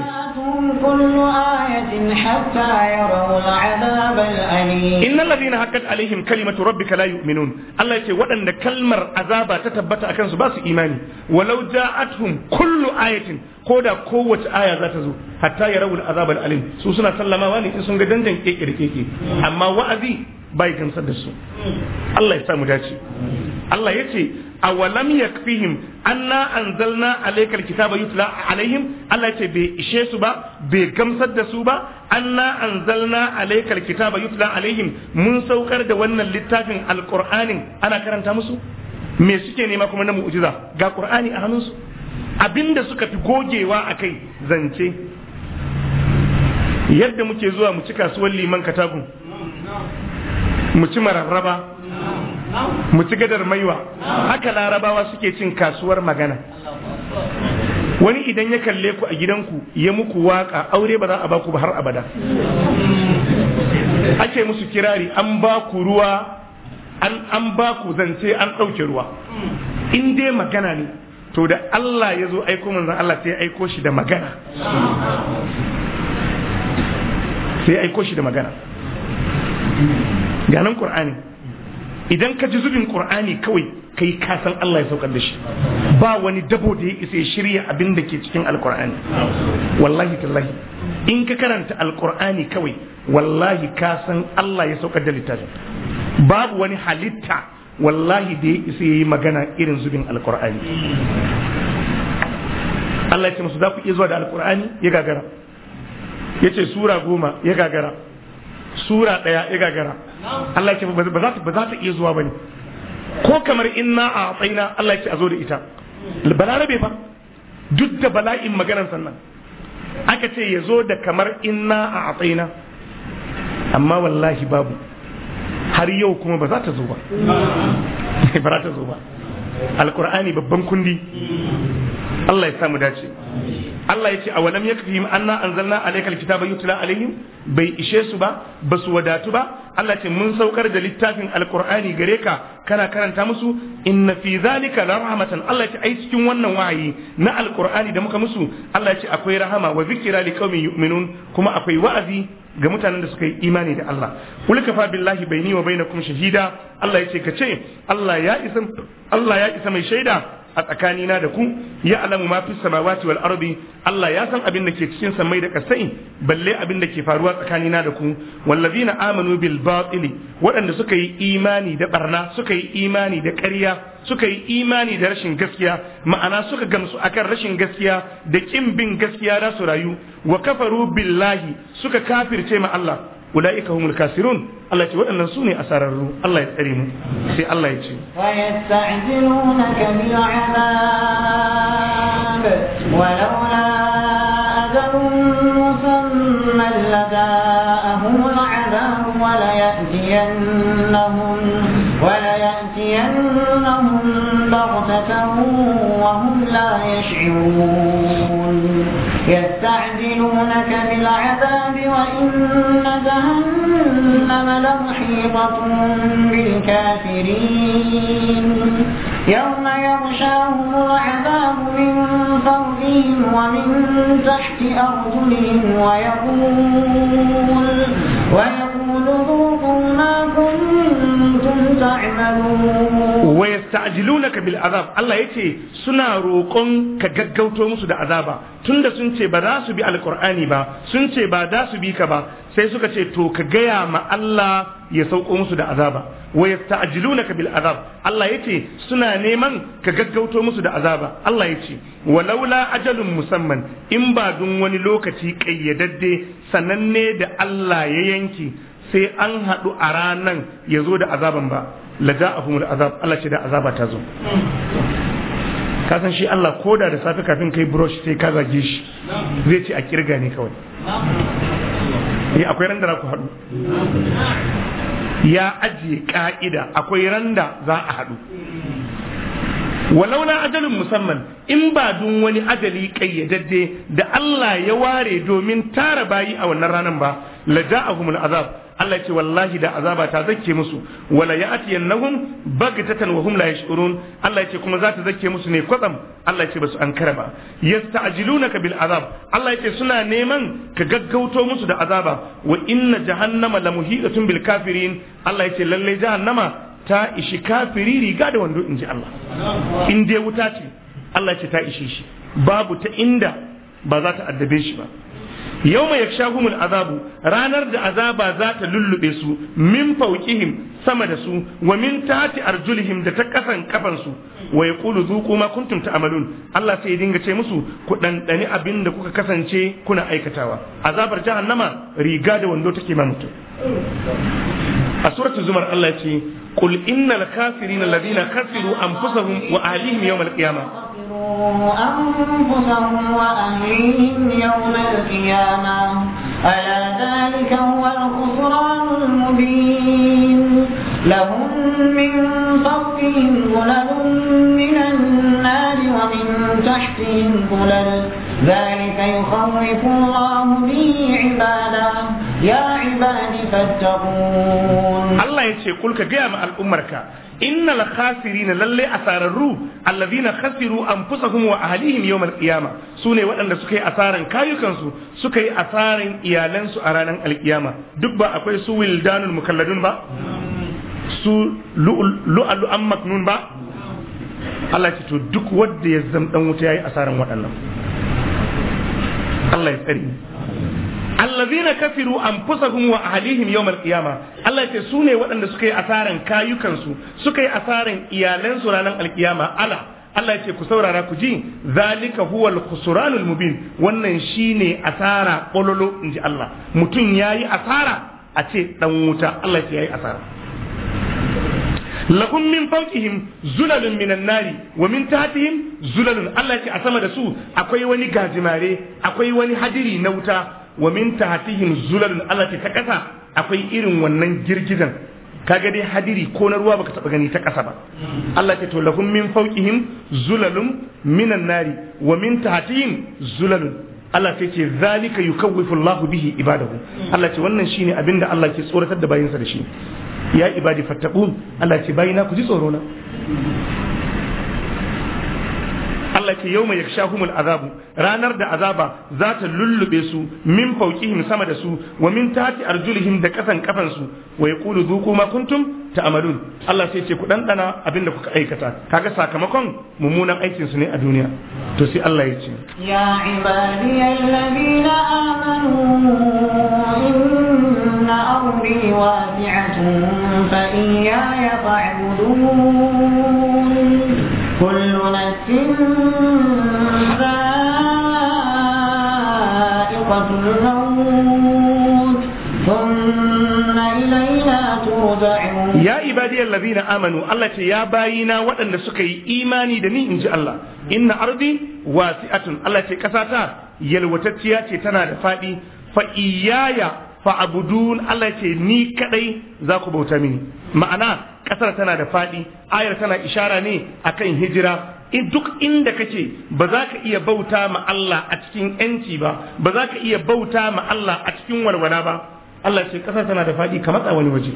كل آية حتى يروا العذاب الأليم إن الذين هكت عليهم كلمة ربك لا يؤمنون الله يتي ودن كلمة عذاب تتبت أكنس باس إيماني ولو جاءتهم كل آية koda kowace aya za ta zo hatta ya rawul azab alim su suna sallamawa ne in sun ga danjan keke da keke amma wa'azi bai gamsar da su Allah ya samu dace Allah ya ce awalam yakfihim anna anzalna alaykal kitaba yutla alaihim Allah ce bai ishe su ba bai gamsar da su ba anna anzalna alaykal kitaba yutla alaihim mun saukar da wannan littafin alqur'anin ana karanta musu me suke nema kuma na mu'jiza ga qur'ani a hannunsu abinda suka fi gogewa akai zance yadda muke zuwa mu ci kasuwar liman katagun mu ci mararraba mu ci gadar maiwa haka larabawa suke cin kasuwar magana wani idan ya kalle ku a gidanku ya muku waka aure ba za a baku ba har abada ake musu kirari an baku ruwa an baku zance an ɗauke ruwa in dai magana ne to da Allah ya zo aiko manzon Allah sai aiko shi da magana sai aiko shi da magana ganin Qur'ani idan ka ji zubin qur'ani kawai kai ka san Allah ya saukar da shi ba wani dabo da ya isa ya shirya abin da ke cikin alqur'ani wallahi tallahi in ka karanta alqur'ani kawai wallahi ka san Allah ya saukar da littafin babu wani halitta wallahi da ya isa yayi magana irin zubin alqur'ani Allah ya ce musu za ku iya zuwa da alqur'ani ya gagara yace sura goma ya gagara sura ɗaya ya gagara Allah ya ce ba za ta ba za ta iya zuwa bane ko kamar in na a tsaina Allah ya ce a zo da ita balarabe ba duk da bala'in maganar sannan aka ce ya zo da kamar in na a tsaina amma wallahi babu har yau kuma ba za ta zo ba ba za ta zo ba alqur'ani babban kundi Allah ya samu dace Allah ya ce a walam yakfihim anna anzalna alayka alkitaba yutla alaihim bai ishe su ba basu wadatu ba Allah ce mun saukar da littafin alqur'ani gare ka kana karanta musu inna fi zalika la rahmatan Allah ya ce ai cikin wannan wahayi na alqur'ani da muka musu Allah ya ce akwai rahama wa zikra liqaumin yu'minun kuma akwai wa'azi ga mutanen da suka yi imani da Allah wuli kafa billahi baini wa bainakum shahida Allah ce ka ce Allah ya isa Allah ya isa mai shaida a tsakanina da ku ya alamu ma fi samawati wal ardi Allah ya san abin da ke cikin samai da kasai balle abin da ke faruwa tsakanina da ku wallazina amanu bil batili waɗanda suka yi imani da barna suka yi imani da ƙarya suka yi imani da rashin gaskiya ma'ana suka gamsu akan rashin gaskiya da kin bin gaskiya da su rayu wa kafaru billahi suka kafirce ma Allah ulaika humul kasirun Allah ce waɗannan su ne asararru Allah ya tsare mu sai Allah ya ce wa yasta'jilunaka bil 'adab wa laula لجاءهم العذاب وليأتينهم بغتة وهم لا يشعرون يستعجلونك بالعذاب وإن جهنم لمحيطة بالكافرين يوم يغشاهم العذاب من فوقهم ومن تحت أرجلهم ويقول, ويقول ذوقوا na kabil azab, ويستعجلونك بالعذاب الله يتي سنا روقون كغغوتو musu da azaba tunda sun ce ba za su bi Alƙur'ani ba sun ce ba za su bi ka ba sai suka ce to ka gaya ma Allah ya sauko musu da azaba wa na kabil azab Allah yace suna neman ka gaggauto musu da azaba Allah yace walaula ajalun musamman in ba duk wani lokaci kayyadadde sananne da Allah ya yanki sai an haɗu a ranan ya zo da azaban ba la kuma azab Allah ce da azaba ta zo ka san shi Allah koda da safe kafin kai brush sai ka zage shi zai ce a kirga ne kawai ni eh, akwai randa ku haɗu ya ajiye ka'ida akwai randa za a haɗu walaula ajalin musamman in ba dun wani ajali kayyadadde da Allah ya ware domin tara bayi a wannan ranar ba la ja'ahumul azab Allah ce wallahi da azaba ta zake musu wala ya'tiyannahum baghtatan wa hum la yash'urun Allah ce kuma za ta zakke musu ne kwatsam Allah ce basu ankara ba yasta'jilunaka bil azab Allah ce suna neman ka gaggauto musu da azaba wa inna jahannama lamuhidatun bil kafirin Allah ce lalle jahannama ta ishi kafiri riga da wando inji Allah in dai wuta ce Allah ce ta ishi shi babu ta inda ba za ta addabe shi ba yau mai yakshahumul azabu ranar da azaba za ta lullube su min fauqihim sama da su wa min tati arjulihim da ta kasan kafansu wa yaqulu zuqu ma kuntum ta'malun Allah sai ya dinga ce musu ku dandani abin da kuka kasance kuna aikatawa azabar jahannama riga da wando take ma mutum a suratul zumar Allah ce qul innal kafirin alladhina khasiru anfusahum wa ahlihim yawm qiyamah أنفسهم وأهليهم يوم القيامة ألا ذلك هو الخسران المبين لهم من فوقهم ظلل من النار ومن تحتهم ظلل ذلك يخوف الله به عباده يا عباد فاتقون الله يتشي قل كجام الأمرك إن الخاسرين للي أسارروا الذين خسروا أنفسهم وأهليهم يوم القيامة سوني وأن سكي أسارا كايوكنسو سكي أسارا إيالنسو أرانا القيامة دبا أكوي سوي الدان المكلدون با su an maknun ba Allah ce to duk wanda ya zam dan wuta yayi asaran waɗannan Allah ya tsare allazina kafiru anfusahum wa ahlihim yawm alqiyama Allah ya ce ne waɗanda suka yi asaran kayukansu suka yi asaran iyalansu ranar alqiyama ala Allah ya ce ku saurara ku ji zalika huwa al mubin wannan shine asara kololo inji Allah mutum yayi asara a ce dan wuta Allah ya ce yayi asara lahum min fawqihim zulalun minan nari wa min tahtihim zulalun Allah ce a sama da su akwai wani gajimare akwai wani hadiri na wuta wa min tahtihim zulalun Allah ce ta kasa akwai irin wannan girgizan kaga dai hadiri ko na ruwa baka taba gani ta kasa ba Allah ce to lahum min fawqihim zulalun minan nari wa min tahtihim zulalun Allah sai ce zalika yukawwifu Allah bihi ibadahu Allah ce wannan shine abinda Allah ke tsoratar da bayinsa da shi ya ibadi fattaqun Allah ce bayina ku ji tsoro na Allah ce yau mai yakshahumul azabu ranar da azaba za ta lullube su min fauqihim sama da su wa min tati arjulihim da kasan kafan su wa yaqulu dhuqu ma kuntum ta'malun Allah sai ce ku abin abinda kuka aikata kaga sakamakon mummunan aikin su ne a duniya to sai Allah ya ce ya ibadiyallazina amanu أن أرضي واسعة فإياي فاعبدون كل نفس ذائقة الموت ثم إلينا ترجعون يا عبادي الذين آمنوا الله يا باينا وأن سكي إيماني دني إن شاء الله إن أرضي واسعة الله يا كساتا yalwatacciya ce tana da faɗi fa iyaya fa'budun Allah ce ni kadai za ku bauta mini ma'ana ƙasar tana da faɗi. ayar tana ishara ne akan hijira in duk inda kake ba za ka iya bauta ma Allah a cikin yanci ba ba za ka iya bauta ma Allah a cikin walwala ba Allah ce ƙasar tana da faɗi ka matsa wani waje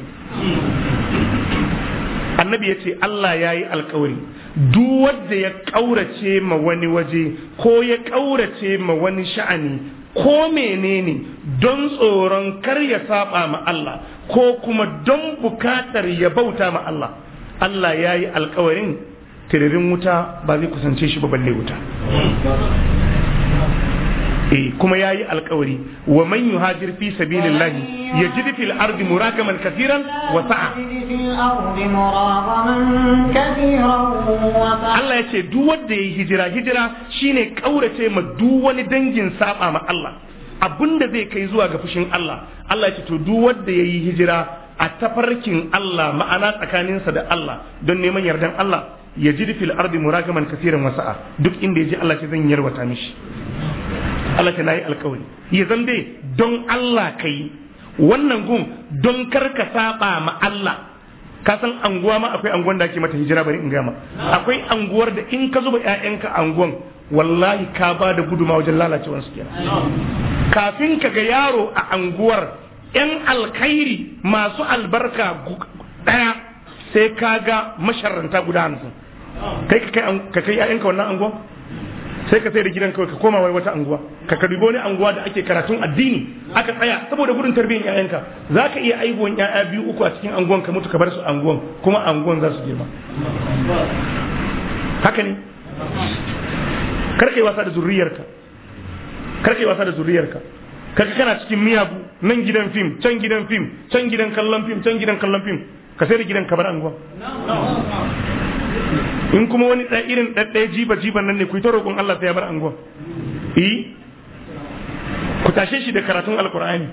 annabi ya ce Allah ya yi alkawari duk wanda ya ƙaurace ma wani waje ko ya ƙaurace ma wani sha'ani ko menene don tsoron kar ya saba ma Allah ko kuma don bukatar ya bauta ma Allah Allah ya yi alkawarin tiririn wuta ba zai kusance shi ba balle wuta eh kuma yayi alkawari wa man yuhajir fi sabilillahi yajid fil ardi murakaman kathiran wa sa'a Allah ya ce duk wanda yayi hijira hijira shine kaurace ma duk wani dangin saba ma Allah abinda zai kai zuwa ga fushin Allah Allah ya ce to duk wanda yayi hijira a tafarkin Allah ma'ana tsakaninsa da Allah don neman yardan Allah ya ji fil ardi kathiran kasiran wasa'a duk inda ya ji Allah ce zan yarwata mishi Allah ta nayi alkawari ya zambe don Allah ka yi wannan gun don kar ka saba ma Allah ka san anguwa ma akwai anguwan da ake mata hijira bari in gama akwai anguwar da in ka zuba ƴaƴanka anguwan wallahi ka ba da guduma wajen lalacewar su kenan kafin ka ga yaro a anguwar ƴan alkhairi masu albarka daya sai ka ga masharanta guda hamsin kai ka kai ka kai ƴaƴanka wannan anguwan sai ka sai da gidan kawai ka koma wai wata anguwa ka ka wani anguwa da ake karatun addini aka tsaya saboda gudun tarbiyyar ƴaƴanka za ka iya aihuwan ƴaƴa biyu uku a cikin anguwan ka mutu ka bar su anguwan kuma anguwan za su girma haka ne karkai wasa da zuriyarka karkai wasa da zuriyarka kaga kana cikin miyagu nan gidan fim can gidan fim can gidan kallon fim can gidan kallon fim ka sai da gidan ka bar anguwan in kuma wani ɗan irin ɗaɗɗaya jiba jiban nan ne ku yi ta roƙon Allah ta ya bar anguwa i e, ku tashe shi da karatun alkur'ani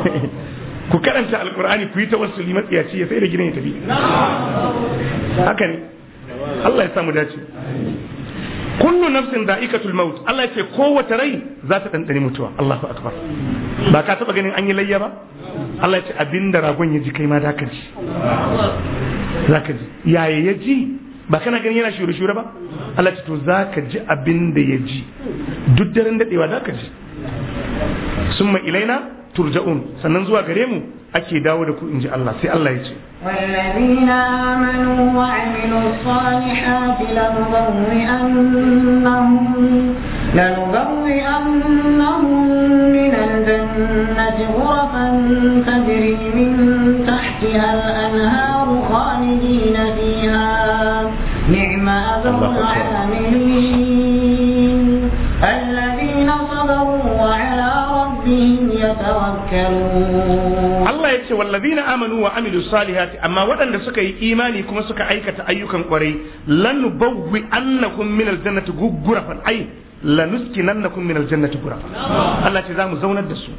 ku karanta alkur'ani ku yi ta wasu matsiyaci ya sai da gidan ya tafi haka ne Allah ya samu dace kullu nafsin da'ikatul maut Allah ya ce kowace rai za ta ɗanɗani mutuwa Allahu akbar ba ka taɓa ganin an yi layya ba Allah ya ce abinda ragon ya ji kai ma da ka ji za ka ji yaya ya ji ba kana gani yana shure shure ba Allah ce to zaka ji abin da ya ji duk daren dadewa zaka ji summa ilaina turja'un sannan zuwa gare mu ake dawo da ku in ji Allah sai Allah ya ce والذين آمنوا وعملوا الصالحات لنبوئنهم من الجنة غرفا تجري من تحتها الأنهار الذين صبروا وعلى ربهم يتوكلون Allah ya ce wallazina amanu wa amilu salihati amma waɗanda suka yi imani kuma suka aikata ayyukan kwarai lan bawwi annakum min aljannati gurafan ay lanuskinannakum min aljannati gurafan Allah ce za mu zaunar da su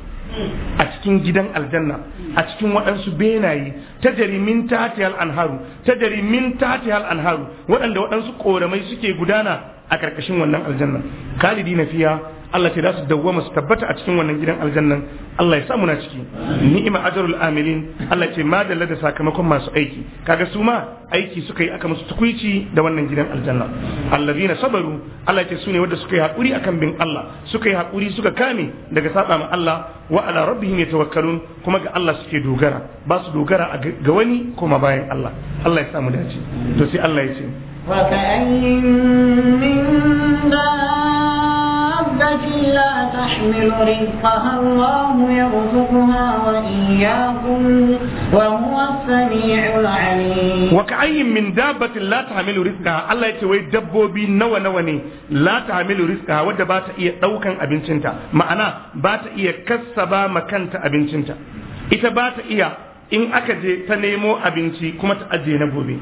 a cikin gidan aljanna a cikin waɗansu benaye ta jarimin tatiyal anharu ta jarimin tatiyal anharu waɗanda waɗansu ƙoramai suke gudana a ƙarƙashin wannan aljanna khalidi na fiya Allah ce za su dawwama su tabbata a cikin wannan gidan aljannan Allah ya sa muna ciki ni'ima ajrul amilin Allah ce ma dalla da sakamakon masu aiki kaga su ma aiki suka yi aka musu tukuici da wannan gidan aljanna allazina sabaru Allah ce su ne wanda suka yi hakuri akan bin Allah suka yi hakuri suka kame daga saba ma Allah wa ala rabbihim yatawakkalun kuma ga Allah suke dogara ba su dogara ga wani kuma bayan Allah Allah ya sa mu dace to sai Allah ya ce wa ka'ayyin min التي لا تحمل رزقها الله يرزقها وإياكم وهو السميع العليم وكأي من دابة لا تحمل رزقها الله يتوي دبوبي نوى نوى ني لا تحمل رزقها ودا إيه إيا أبن أبنشنتا معنا بات إيه كسبا مكانتا أبنشنتا إذا باتا إيا in aka je ta nemo abinci kuma ta ajiye na gobe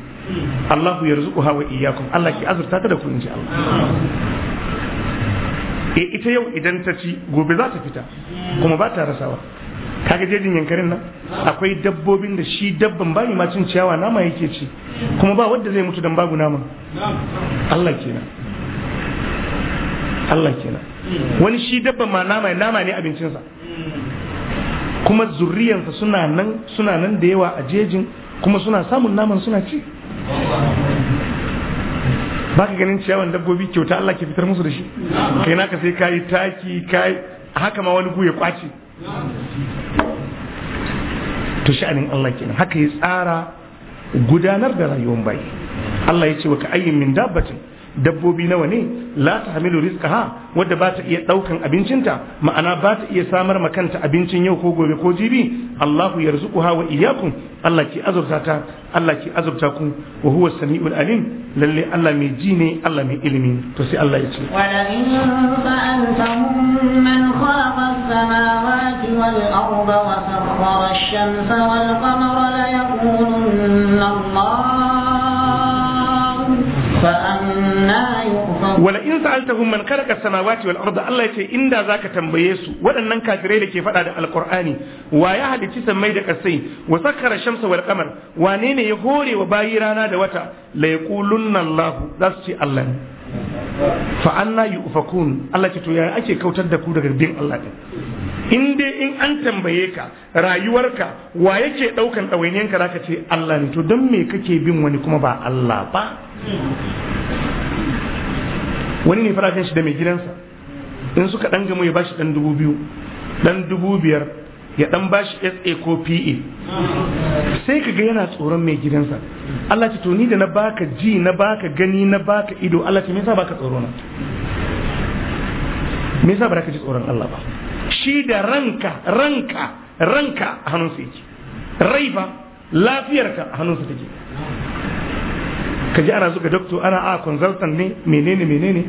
Allahu yarzuquha wa iyyakum Allah ki azurta ta da ku insha Allah e ita yau idan ta ci gobe za ta fita kuma ba ta rasawa kaga jejin yankarin nan akwai dabbobin da shi dabban ni ma cin ciyawa nama yake ci kuma ba wanda zai mutu dan babu nama Allah kenan Allah kenan wani shi dabban ma nama nama ne abincinsa kuma zurriyansa suna nan suna nan da yawa a jejin kuma suna samun naman suna ci ba ka ganin ciyawan dabbobi kyauta Allah ke fitar musu da shi kai naka sai kayi taki kai haka ma wani ya kwace to sha'anin Allah kenan haka ya tsara gudanar da rayuwar bai Allah ya ce wa ka ayyin min dabbatin dabbobi nawa ne la ta hamilu rizqaha wadda ba ta iya daukan abincinta ma'ana ba ta iya samar ma kanta abincin yau ko gobe ko jibi Allahu yarzuquha wa iyyakum Allah ki azurta ta Allah ki azurta ku wa huwa samiul alim lalle Allah mai ji ne Allah mai ilimi to sai Allah ya ce wala in sa'altahum man khalaqa as-samawati wal arda wa sakhkhara ash-shamsa wal qamara la yaqulunna Allah wala in sa'altahum man khalaqa samawati wal arda Allah yace inda zaka tambaye su waɗannan kafirai da ke faɗa da alqur'ani wa ya halicci sammai da kasai wa sakkara shamsa wal qamar wane ne ya hore wa bayi rana da wata la yaqulunna Allah za su ce Allah fa anna yufakun Allah ce to yaya ake kautar da ku daga bin Allah din in dai in an tambaye ka rayuwarka wa yake daukan ɗawainiyanka zaka ce Allah ne to don me kake bin wani kuma ba Allah ba wani ne farashin shi da mai gidansa in suka dan gamu ya bashi dan dubu biyu dan dubu biyar ya dan bashi SA ko PA sai kaga yana tsoron mai gidansa Allah ce to ni da na baka ji na baka gani na baka ido Allah ce me yasa baka tsoro na me yasa ba ka ji tsoron Allah ba shi da ranka ranka ranka a hannunsa yake rai ba lafiyarka a hannunsa take ka ji ana zuga ah, ana a consultant ne menene menene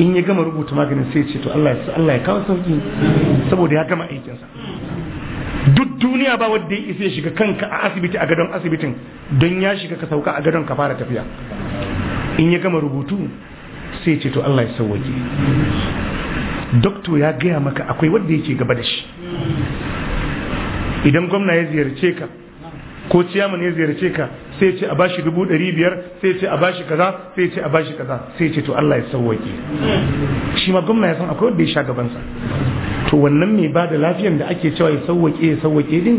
in ya gama rubuta maganin sai ce to Allah ya Allah ya kawo sauki saboda ya gama sa duk duniya ba wanda ya isa shiga kanka a asibiti a gadon asibitin don ya shiga ka sauka a gadon ka fara tafiya in ya gama rubutu sai ce to Allah ya sauwaje dokto ya gaya maka akwai wanda yake gaba da shi idan gwamna ya ziyarce ka ko ciyaman ya ziyarce ka sai ce a bashi dubu ɗari biyar sai ce a bashi kaza sai ce a bashi kaza sai ce to Allah ya sauwaƙe shi ma gwamna ya san akwai wanda ya sha gabansa to wannan mai ba da lafiyan da ake cewa ya sauwaƙe ya sauwaƙe din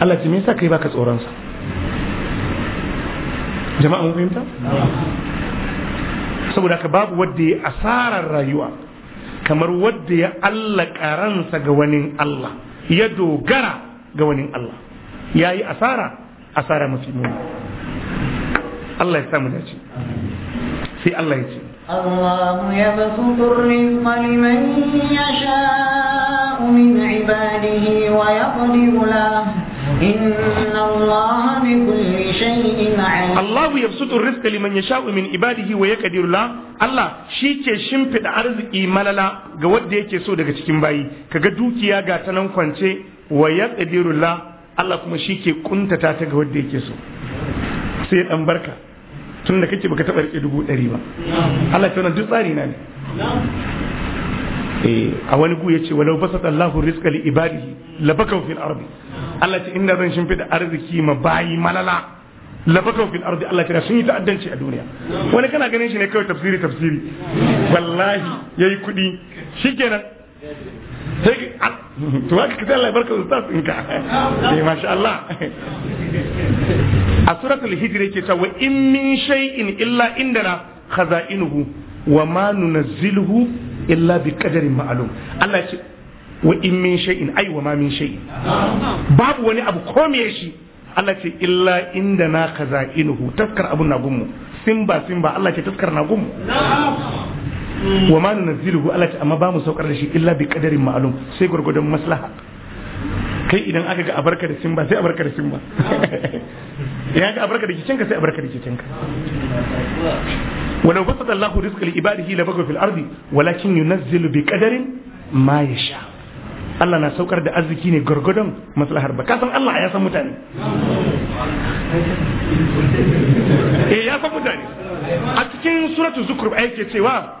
Allah ce me yasa kai baka tsoron sa jama'a mun fahimta saboda haka babu wanda ya asarar rayuwa kamar wanda ya allaka ransa ga wani Allah ya dogara ga wani Allah ya yi asara asara mafi Allah ya samu da dace sai Allah ya ce Allah ya basutu rizqa liman yasha'u min ibadihi wa yaqdiru la inna Allah bi kulli shay'in alim Allahu yabsutu rizqa liman yasha'u min ibadihi wa yaqdiru la Allah shi ce shimfida arziki malala ga wadda yake so daga cikin bayi Ka ga dukiya ga ta nan kwance wa yaqdiru la Allah kuma shi ke kuntata ta ga wadda yake so sai dan barka tun da kake baka taba rike dubu ɗari ba Allah ta duk tsari na ne eh, a wani gu yace walau basa Allahu rizqa li ibadihi labakaw fil ardi Allah ta inda zan shimfida arziki ma bayi malala labakaw fil ardi Allah ta sun yi ta'addanci a duniya wani kana ganin shi ne kawai tafsiri tafsiri wallahi yayi kudi shikenan sai to haka ka Allah ya barka ustaz ɗinka eh masha Allah a suratul hijr yake cewa in min shay'in illa indana khaza'inuhu wa ma nunazziluhu illa bi qadarin ma'lum Allah ce wa in min shay'in ay wa ma min shay'in babu wani abu ko me shi Allah ce illa indana khaza'inuhu taskar abun na gummu simba simba Allah ce taskar na gummu wa ma nunzilu Allah ta amma ba mu saukar da shi illa bi kadarin ma'lum sai gwargwadon maslaha kai idan aka ga abarka da simba sai abarka da simba idan aka abarka da ka sai abarka da kicinka ولو li ibadihi la لعباده fil ardi walakin yunzilu bi بقدر ma yasha Allah na saukar da arziki ne gargadon maslahar ba san Allah ya san mutane eh ya san mutane a cikin suratul zukhruf ayake cewa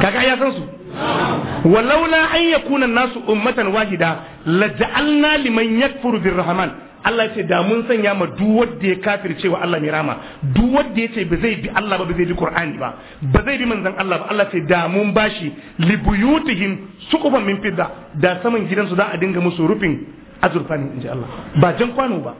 kaga ya san su walaula an yakuna nasu ummatan wahida ja'alna liman yakfuru rahman Allah ce da mun sanya ma duk wanda ya kafir cewa Allah mai rama duk wanda ya ce ba zai bi Allah ba ba zai bi Qur'ani ba ba zai bi manzon Allah ba Allah ce da mun bashi li buyutihim suqufan min fidda da saman gidansu za a dinga musu rufin azurfa Allah ba jan kwano ba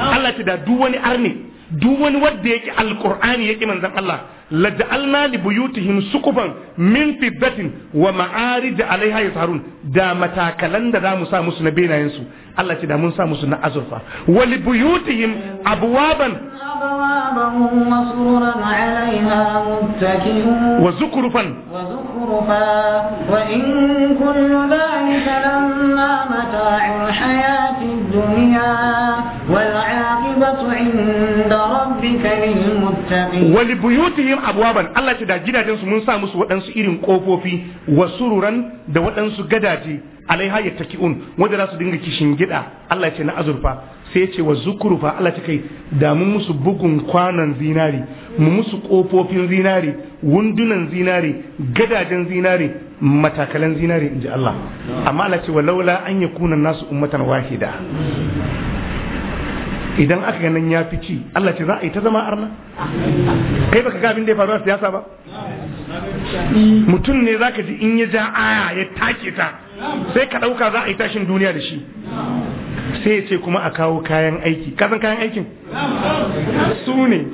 Allah ce da duk wani arne دوان ودي القرآن يجي من ذنب الله لجعلنا لبيوتهم سقبا من فضة ومعارج عليها يظهرون دا متاكلن دا موسى نبينا ينسو الله تدا موسى موسى نأزرفا ولبيوتهم أبوابا أبوابا عليها متكئا وزخرفا وإن كل ذلك لما متاع الحياة الدنيا والعاقبة عند ربك للمتقين ولبيوتهم أبوابا الله تدا جدا جنس من سامس ودنس إيرم قوفوفي وسرورا دا ودنس قداتي alaiha ya taki'un wanda za su dinga kishin gida Allah ce na azurfa sai ce wa zukurufa Allah ce da mun musu bugun kwanon zinari mu musu ƙofofin zinari wundunan zinari gadajen zinari matakalan zinari inji Allah amma Allah ce walaula an yakuna nasu ummatan wahida idan aka ga nan ya fi ci Allah ce za a yi ta zama arna kai baka ga abin da ya faru a siyasa ba mutum ne zaka ji in ya ja aya ya take ta sai ka ɗauka za a yi tashin duniya da shi sai ya ce kuma a kawo kayan aiki kasan kayan aikin su ne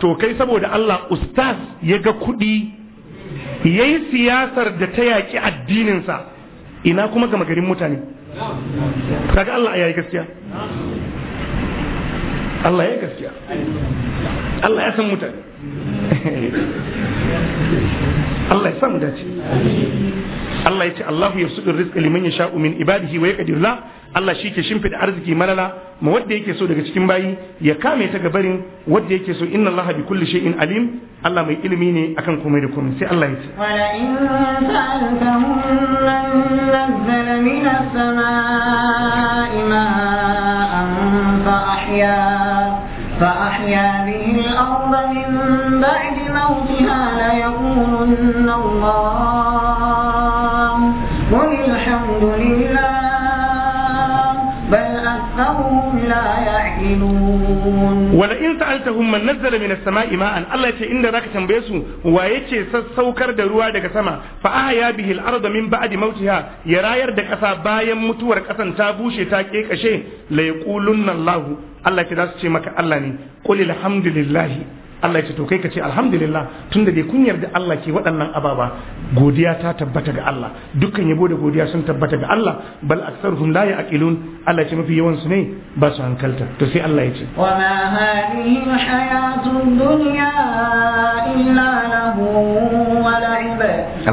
to kai saboda Allah ustaz ya ga kuɗi ya yi siyasar da ta yaƙi addininsa ina kuma gama garin mutane kaga Allah ya yi gaskiya Allah ya yi gaskiya Allah ya san mutane Allah ya samu dace Allah ya ce Allah ya suɗin rizƙi liman ya sha'u min ibadihi wa yaqdiru ƙadirla Allah shi ke shimfida arziki malala ma wadda yake so daga cikin bayi ya kame ta gabarin wadda yake so inna Allah bi kulli shay'in alim Allah mai ilimi ne akan komai da komai sai Allah ya ce wala in sa'altahum man nazzala min as-sama'i ma'an fa ahya fa ahya bihi al-ardh min ba'di mawtiha la yaqulunna Allah qul alhamdulillah wani in sa'alta hun man nazzala min as Allah yace inda zaka tambaye su wa yace sassaukar da ruwa daga sama fa ahya bihi al-ardu min ba'di mawtiha ya rayar da ƙasa bayan mutuwar ƙasan ta bushe ta kekashe la yaqulunna Allah Allah ce za su ce maka Allah ne qul alhamdulillah Allah ya ce to kai ka ce alhamdulillah tunda dai kun yarda Allah ke waɗannan ababa godiya ta tabbata ga Allah dukkan yabo da godiya sun tabbata ga Allah bal aktsaruhum la yaqilun Allah ya ce mafi yawan su ne ba su hankalta to sai Allah ya ce wa ma hadhihi hayatud dunya illa lahu wa la'ib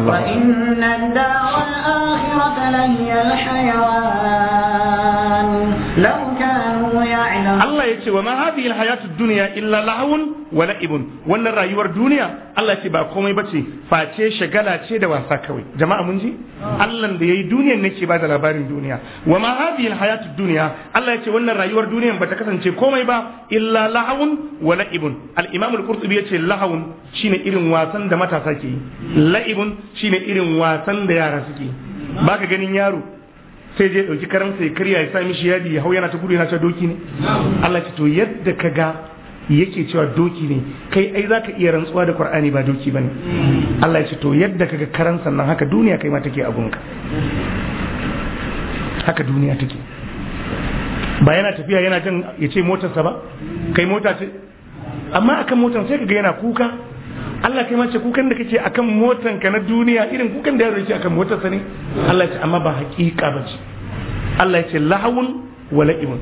wa inna ad-dara al-akhirata lahiya al-hayawan Allah ya ce wa ma hadhi hayatu dunya illa lahun wa la'ibun wannan rayuwar duniya Allah ce ba komai bace face shagala ce da wasa kawai jama'a mun ji Allah da yayi duniyar nake ba da labarin duniya wa ma hadhi hayatu dunya Allah ya ce wannan rayuwar duniya bata kasance komai ba illa lahun wa la'ibun al-imam al-qurtubi ya ce lahun shine irin wasan da matasa ke yi la'ibun shine irin wasan da yara suke baka ganin yaro sai je dauki karansa ya karya ya sa mishi yadi ya hau yana ta gudu yana ta doki ne Allah ce to yadda ka ga yake cewa doki ne kai ai za ka iya rantsuwa da qur'ani ba doki bane Allah ya ce to yadda ka ga karansa nan haka duniya kai ma take a gunka haka duniya take ba yana tafiya yana jan ya ce motarsa ba kai mota ce amma akan motar sai kaga yana kuka Allah kai mace kukan da kake akan motan ka na duniya irin kukan da yaro yake akan motar sa ne Allah ya ce amma ba haƙiƙa ba ce Allah ya ce lahawun wa la'imun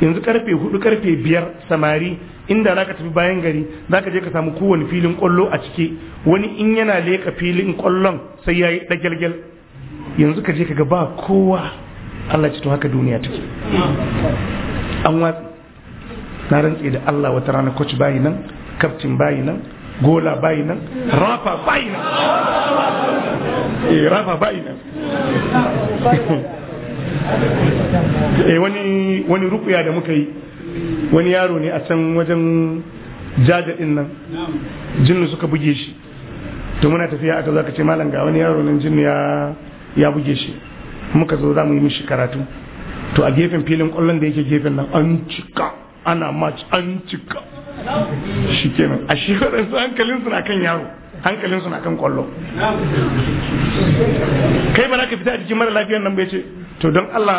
yanzu karfe hudu karfe biyar samari inda zaka tafi bayan gari zaka je ka samu kowane filin kwallo a ciki, wani in yana leka filin kwallon sai ya yayi dagyalgyal yanzu ka je ka ga ba kowa Allah ce to haka duniya take an watsi na rantse da Allah wata rana coach bayi nan kaftin bayi nan gola bayi nan rafa bayi nan eh, rafa bayi nan eh, wani wani rukuya da muka yi wani yaro ne a can wajen jajadin nan jinnu suka buge shi to muna tafiya aka zaka ce malam ga wani yaro nan jinnu ya ya buge shi muka zo za mu yi mishi karatu to a gefen filin kwallon da yake gefen nan an cika ana match an cika shi kenan a shi waɗansu hankalin suna kan yaro hankalin suna kan kwallo kai ba za ka fita a jikin mara lafiyar nan bai ce to don Allah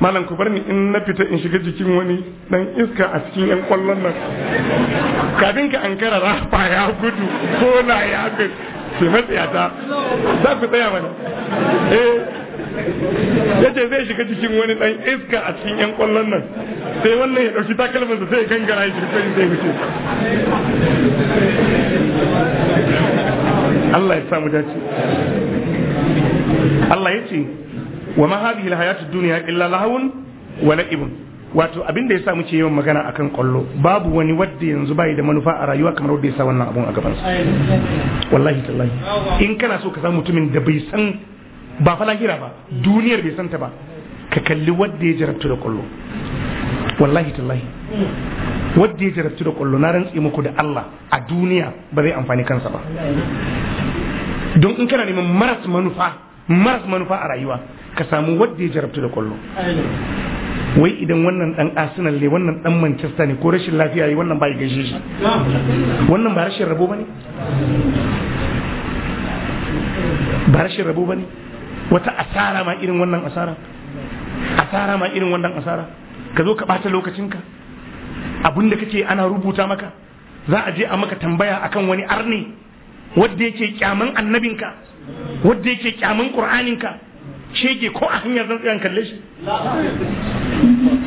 malam ku bar ni in na fita in shiga jikin wani dan iska a cikin yan kwallon nan kafin ka an kara rafa ya gudu ko na ya gudu za ku tsaya mana eh ya ce zai shiga cikin wani dan iska a cikin yan kwallon nan sai wannan ya ɗauki takalmansa sai ya gangara ya shirka zai wuce Allah ya samu dace Allah ya ce wa ma hadhihi alhayatu dunya illa lahawun wa la'ibun wato abin da ya samu ce yawan magana akan kwallo babu wani wadda yanzu bai da manufa a rayuwa kamar wanda ya sa wannan abun a gabansa wallahi tallahi in kana so ka samu mutumin da bai san ba fa lahira ba duniyar bai santa ba ka kalli wadda ya jarabtu da kullu wallahi tallahi wadda ya jarabtu da kullu na rantsi muku da Allah a duniya ba zai amfani kansa ba don in kana neman maras manufa maras manufa a rayuwa ka samu wadda ya jarabtu da kullu wai idan wannan dan arsenal ne wannan dan manchester ne ko rashin lafiya yi wannan ba ya gaishe shi wannan ba rashin rabo ba ne ba rashin rabo ba ne wata asara ma irin wannan asara asara ma irin wannan asara ka zo ka ɓata lokacinka abin da kake ana rubuta maka za a je a maka tambaya akan wani arni wadda yake kyaman annabinka wadda yake kyaman qur'aninka shege ko a hanyar zan kalle shi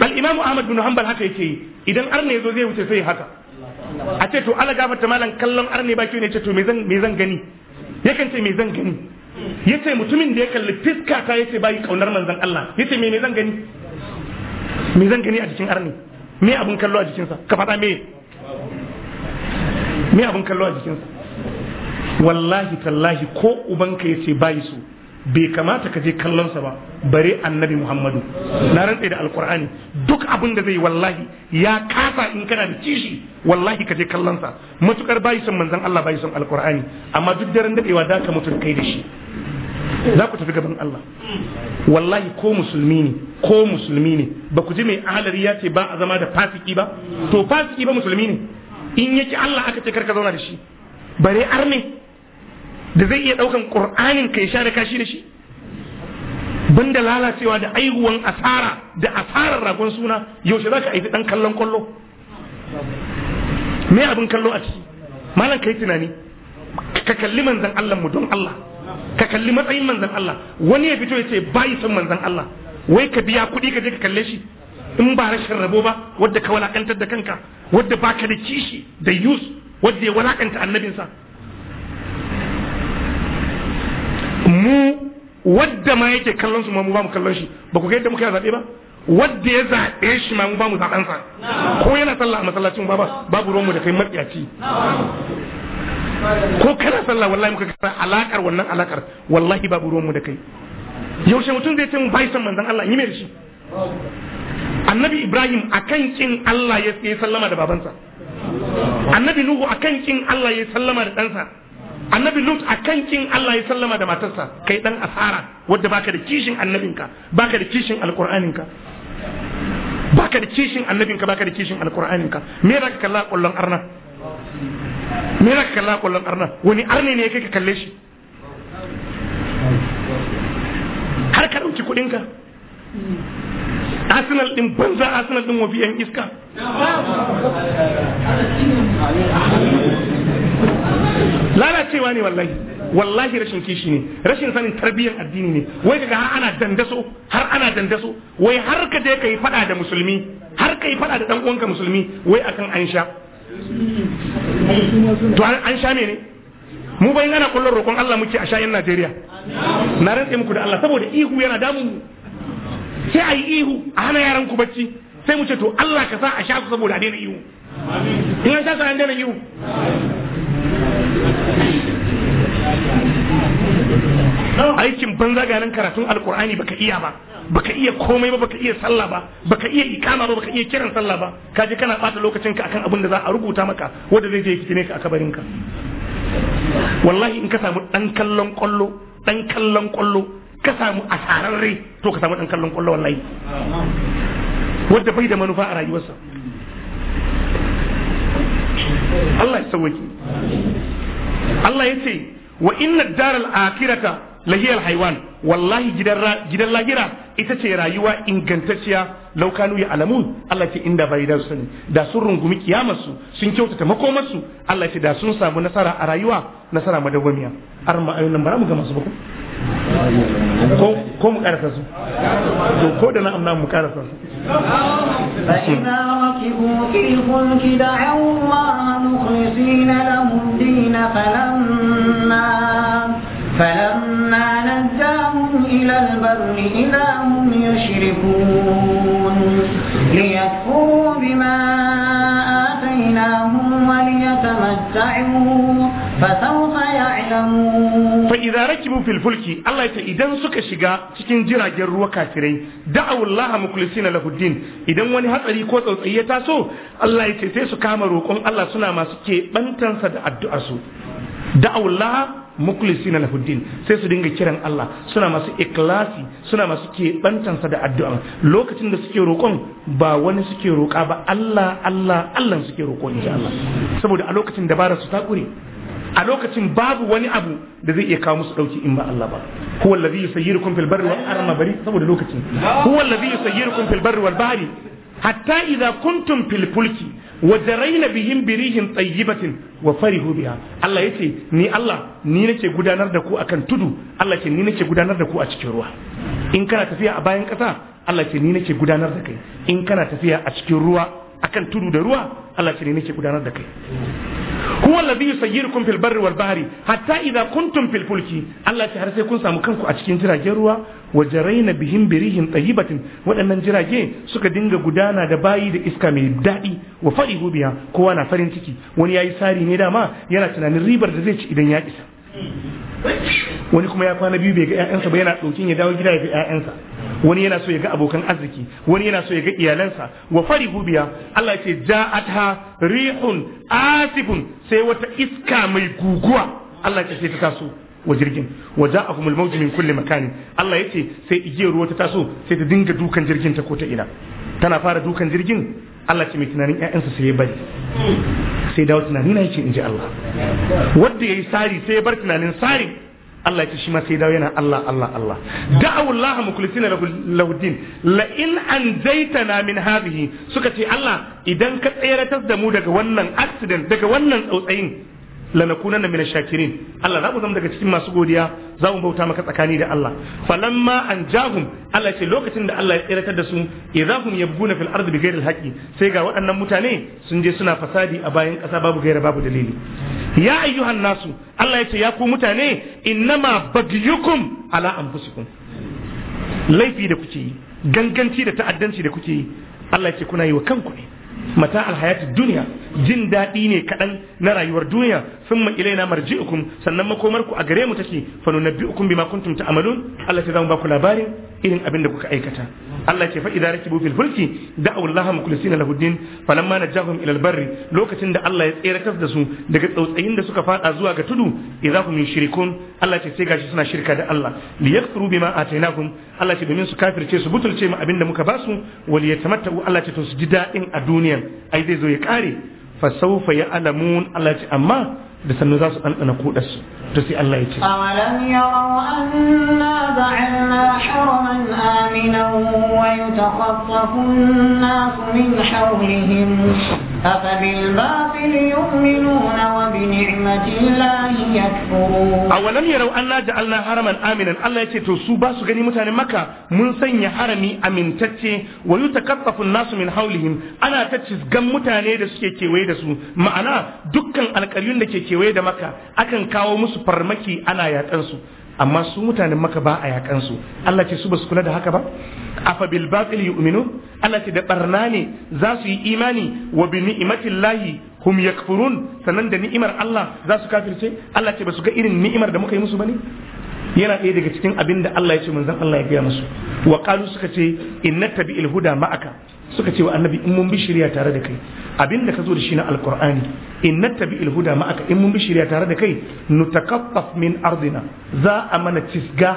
al-imamu ahmad bin hanbal haka yake idan arne yazo zai wuce sai haka a ce to ala gafarta malam kallon arne baki ne ce to me zan me zan gani yakan ce me zan gani yace mutumin da ya kalli fiska ta yace bai kaunar manzon Allah yace me me zan gani me zan gani a jikin arni me abun kallo a jikinsa ka fata me me abun kallo a jikinsa wallahi tallahi ko ubanka yace bai su bai kamata ka je kallonsa ba bare annabi muhammadu na rantsa da alkur'ani duk abin da zai wallahi ya kasa in kana da kishi wallahi ka je kallonsa matukar bayi son manzon Allah bayi son alkur'ani amma duk daren dadewa za ka mutum kai da shi za ku tafi gaban Allah wallahi ko musulmi ne ko musulmi ne ba ku ji mai ahalari ya ce ba a zama da fasiki ba to fasiki ba musulmi ne in yake Allah aka ce karka zauna da shi bare arne da zai iya daukan qur'anin kai share kashi da shi banda lalacewa da aihuwan asara da asarar ragon suna yaushe zaka aiki dan kallon kallo? me abin kallo a ciki malam kai tunani ka kalli manzon Allah mu don Allah ka kalli matsayin manzan Allah wani ya fito ya ce bayi son manzan Allah wai ka biya kuɗi ka je ka kalle shi in ba rashin rabo ba wadda ka walakantar da kanka wadda ka da kishi da yus wadda ya walakanta annabinsa mu wadda ma yake kallon su ma mu ba mu kallon shi ba ku ga yadda muka zaɓe ba wadda ya zaɓe shi ma mu ba mu sa, ko yana sallah a masallacin ba babu ruwanmu da kai matsiyaci ko kana sallah wallahi muka kasa alakar wannan alakar wallahi babu ruwanmu da kai yaushe mutum zai ce mu bai san manzon Allah yi mai shi annabi ibrahim akan kin Allah ya yi sallama da babansa annabi nuhu akan kin Allah ya sallama da ɗansa annabi lut akan kin Allah ya sallama da matarsa kai dan asara wadda baka da kishin annabinka baka da kishin alqur'aninka baka da kishin annabinka baka da kishin alqur'aninka me da kalla kullun arna me za ka kalla kwallon arna wani arne ne kai ka kalle shi har ka ɗauki kuɗinka arsenal ɗin banza arsenal ɗin wafi 'yan iska lalacewa ne wallahi wallahi rashin kishi ne rashin sanin tarbiyyar addini ne wai kaga har ana dandaso har ana dandaso wai har ka je kai fada da musulmi har kai fada da dan uwanka musulmi wai akan an sha to an sha ne mu bayan ana kullun roƙon Allah muke a sha'in Najeriya na rantse muku da Allah saboda ihu yana damun sai a yi ihu a hana yaran ku bacci sai mu ce to Allah ka sa a sha ku saboda a daina ihu in an sha su an daina ihu aikin banza ganin karatun alkur'ani baka iya ba baka iya komai ba baka iya sallah ba baka iya ikama ba baka iya kiran sallah ba kaje kana bata lokacinka ka akan abin da za a rubuta maka wanda zai je kitine ka a kabarinka. ka wallahi in ka samu dan kallon kwallo dan kallon kwallo ka samu asararre to ka samu dan kallon kwallo wallahi wanda bai da manufa a rayuwarsa Allah ya sauwaki Allah ya ce wa inna daral akhirata lahiyal haywan wallahi gidan lahira ita ce rayuwa ingantacciya laukanu ya alamun Allah ce inda bai da sani da sun rungumi kiyamarsu sun kyautata makomarsu Allah ce da sun samu nasara a rayuwa nasara madawwamiya har ma ayyukan bara mu ga masu bako ko ko mu karasa su to ko da na amna mu karasa su فإذا ركبوا في الفلك دعوا الله مخلصين له الدين فلما فلما نجاهم إلى البر إذا هم يشركون ليكفروا بما آتيناهم وليتمتعوا فسوف فإذا ركبوا في الفلك الله يتا إذا سكا شغا cikin jiragen ruwa kafirai da'aw Allah mukhlisina lahu din idan wani hatsari ko tsautsayi ya taso Allah ya ce sai su kama roƙon Allah suna masu keɓantansa bantansa da addu'arsu da'aw Allah muklisina lahu din sai su dinga kiran Allah suna masu ikhlasi suna masu keɓantansa da addu'a lokacin da suke roƙon ba wani suke roƙa ba Allah Allah Allah suke roƙo inji Allah saboda a lokacin dabara su ta ƙure a lokacin babu wani abu da zai iya kawo musu dauki in ba Allah ba huwa allazi yusayyirukum fil barri wal arma bari saboda lokacin huwa allazi yusayyirukum fil barri wal bahri hatta idza kuntum fil fulki wa jaraina bihim birihin tayyibatin wa farihu biha Allah yace ni Allah ni nake gudanar da ku akan tudu Allah ce ni nake gudanar da ku a cikin ruwa in kana tafiya a bayan kasa Allah ce ni nake gudanar da kai in kana tafiya a cikin ruwa akan tudu da ruwa Allah ce ni nake gudanar da kai huwa alladhi yusayyirukum fil barri wal bahri hatta idha kuntum fil fulki Allah ce har sai kun samu kanku a cikin jiragen ruwa raina bihim birihin tayyibatin waɗannan jirage suka dinga gudana da bayi da iska mai daɗi wa fari biya kowa na farin ciki wani yayi sari ne dama yana tunanin ribar da zai ci idan ya isa wani kuma ya kwana biyu bai ga ƴaƴansa ba yana ɗaukin ya dawo gida ya ga ƴaƴansa wani yana so ya ga abokan arziki wani yana so ya ga iyalansa wa fari biya Allah ya ce ja'atha rihun asifun sai wata iska mai guguwa Allah ya ce ta taso wa jirgin wa a al-mawj min kulli makani. Allah ya ce sai igiyar ruwa ta taso sai ta dinga dukan jirgin ta ko ta ina tana fara dukan jirgin Allah ce mai tunanin ƴaƴansa sai ya bari sai dawo tunani na yake inji Allah wanda yayi sari sai ya bar tunanin sari Allah ya ce shi ma sai dawo yana Allah Allah Allah da'awu Allah mukhlisina lahu din la in anjaytana min hadhihi suka ce Allah idan ka tsayar da mu daga wannan accident daga wannan tsautsayin na minash shakirin Allah za mu zama daga cikin masu godiya za mu bauta maka tsakani da Allah falamma an jahum Allah ce lokacin da Allah ya tsiratar da su idahum yabguna fil ardi bighairil haqqi sai ga waɗannan mutane sun je suna fasadi a bayan ƙasa babu gaira babu dalili ya ayyuhan nasu Allah ya ce ya ku mutane innama bagyukum ala anfusikum laifi da kuke yi ganganci da ta'addanci da kuke yi Allah ya ce kuna yi wa kanku ne mata alhayati duniya jin daɗi ne kaɗan na rayuwar duniya sun ma ilaina marji'ukum sannan makomar ku a gare mu take fa nunabbi'ukum bima kuntum ta'malun Allah ya zama ba ku labarin irin abin da kuka aikata Allah ce fa idza rakibu fil fulki da'u Allah mukhlisina lahu din falamma najahum ila al barri lokacin da Allah ya tseratar da su daga tsautsayin da suka fada zuwa ga tudu idza hum yushrikun Allah ce sai gashi suna shirka da Allah liyakfuru bima atainakum Allah ce domin su kafirce su butulce mu abinda muka basu wal yatamatta Allah ce to su ji daɗin a duniyan ai zai zo ya kare fa ya ya'lamun Allah ce amma da sannu za su ɗanɗana kuɗarsu تسي الله يتي أولم يروا أنا جعلنا حرما آمنا ويتخطف الناس من حولهم أفبالباطل يؤمنون وبنعمة الله يكفرون أولم يروا أنا جعلنا حرما آمنا الله يتي تسو باسو غني متاني مكة من سنة حرمي أمن تتي ويتكطف الناس من حولهم أنا تتشز غم متاني دسو كي كيوي دسو معنا دكان القريون دكي كيوي دمكة أكن كاو مسو farmaki ana yakan su amma su mutanen maka ba a yakan su Allah ce su ba su kula da haka ba afa bil batil yu'minu Allah ce da barna ne za su yi imani wa bi ni'matillahi hum yakfurun sanan da ni'imar Allah za su kafirce Allah ce ba su ga irin ni'imar da muka yi musu bane yana ɗaya daga cikin abin da Allah ya ce manzon Allah ya gaya musu wa qalu suka ce inna tabi'il huda ma'aka suka ce wa annabi in mun bi shari'a tare da kai Abin da ka zo da shi na alkur'ani in na tabi ilhuda ma'aka in mun bi shirya tare da kai nu takaffaf min ardina za a mana cisga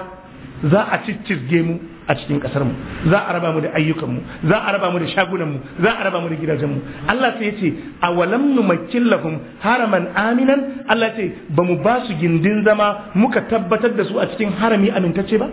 za a ciccisge mu a cikin kasar mu za a raba mu da ayyukan mu za a raba mu da shagunan mu za a raba mu da gidajen mu Allah sai yace awalam numakkin lahum haraman aminan Allah ce bamu basu gindin zama muka tabbatar da su a cikin harami amintacce ba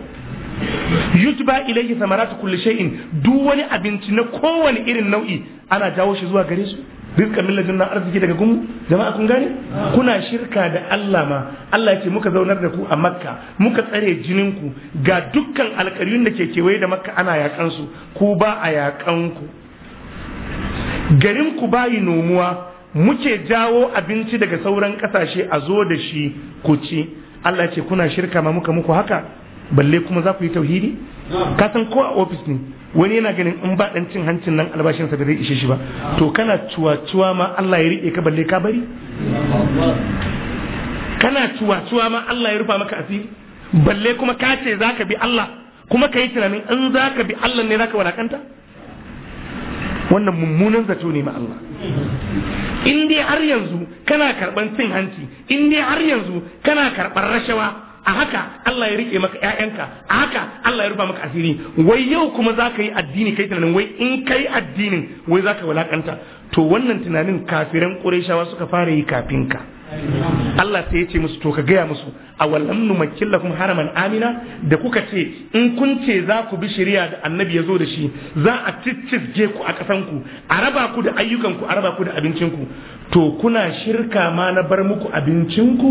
yujba ilayhi thamaratu kulli shay'in duk wani abinci na kowane irin nau'i ana jawo shi zuwa gare su rizqa min ladunna arziki daga gumu, jama'a kun gane kuna shirka da Allah ma Allah yake muka zaunar da ku a Makka muka tsare jinin ku ga dukkan alƙaryun da ke kewaye da Makka ana yakan su ku ba a yakan ku garin ku bayi nomuwa muke jawo abinci daga sauran kasashe a zo da shi ku ci Allah ce kuna shirka ma muka muku haka balle kuma za ku yi tauhidi ka san ko a ofis ne wani yana ganin in ba dan cin hancin nan albashinsa ba zai ishe shi ba to kana tuwa tuwa ma Allah ya rike ka balle ka bari kana tuwa tuwa ma Allah ya rufa maka asiri balle kuma ka ce za ka bi Allah kuma ka yi tunanin in za ka bi Allah ne za ka walakanta wannan mummunan zato ne ma Allah in dai har yanzu kana karban cin hanci in dai har yanzu kana karban rashawa a haka Allah ya rike maka ƴaƴanka a haka Allah ya rufa maka asiri wai yau kuma za ka yi addini kai tunanin wai in kai addinin wai za ka walakanta to wannan tunanin kafiran ƙurashawa suka fara yi kafin ka Allah sai ya ce musu to ka gaya musu a wallan numakkin lakum haraman amina da kuka ce in kun ce za ku bi shari'a da annabi ya zo da shi za a ciccisge ku a kasan ku a raba ku da ayyukan ku a raba ku da abincin ku to kuna shirka ma na bar muku abincin ku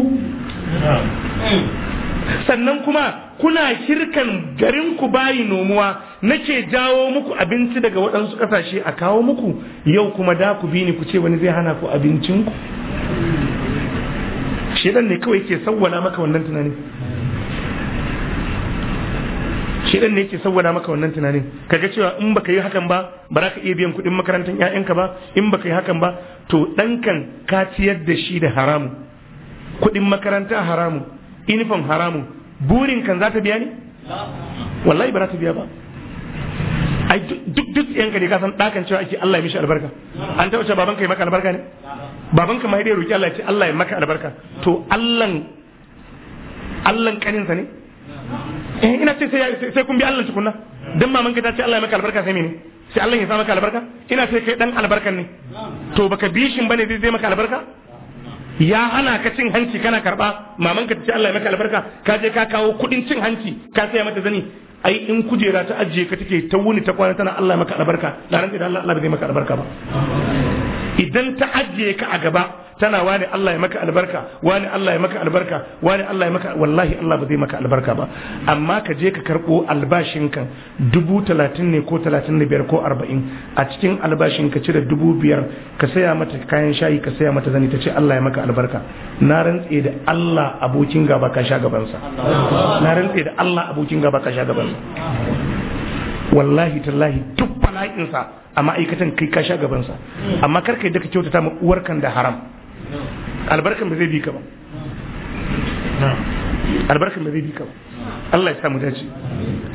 sannan kuma kuna shirkan garin ku bayi nomuwa nake jawo muku abinci daga waɗansu ƙasashe a kawo muku yau kuma da ku bi ni ku ce wani zai hana ku abincin Shi shedan ne kawai yake sawwala maka wannan tunani shedan ne yake sawwala maka wannan tunanin kaga cewa in baka yi hakan ba ba za ka iya biyan kuɗin makarantar ƴaƴanka ba in baka yi hakan ba to ɗankan ka ciyar da shi da haramu kuɗin makaranta haramu uniform haramun burin kan za ta biya ne wallahi ba za ta biya ba ai duk duk yan kare ka san dakan cewa ake Allah ya mishi albarka an taɓa cewa babanka ya maka albarka ne babanka mai ya roki Allah ya ce Allah ya maka albarka to Allah Allah kaninsa ne eh ina ce sai sai kun bi Allah kunna dan ka ta ce Allah ya maka albarka sai mene sai Allah ya sa maka albarka ina ce kai dan albarkan ne to baka bishin bane zai maka albarka ya hana ka cin hanci kana karba maman ka ta ce Allah ya maka albarka ka je ka kawo kudin cin hanci ka saya mata zani ai in kujera ta ajiye ka take ta wuni ta kwana tana Allah ya maka albarka da ran da Allah Allah bai maka albarka ba idan ta ajiye ka a gaba tana wani Allah ya maka albarka wani Allah ya maka albarka wani Allah ya maka wallahi Allah ba zai maka albarka ba amma ka je ka albashin ka dubu talatin ne ko talatin da biyar ko arba'in a cikin albashin ka cire dubu biyar ka saya mata kayan shayi ka saya mata zani ta ce Allah ya maka albarka na rantse da Allah abokin gaba ka sha gabansa na rantse da Allah abokin gaba ka sha gabansa wallahi tallahi duk bala'insa a ma'aikatan kai ka sha gabansa amma kar ka yadda ka kyautata ma uwarkan da haram albarkan ba zai bi ka ba albarkan ba zai bi ka ba Allah ya samu dace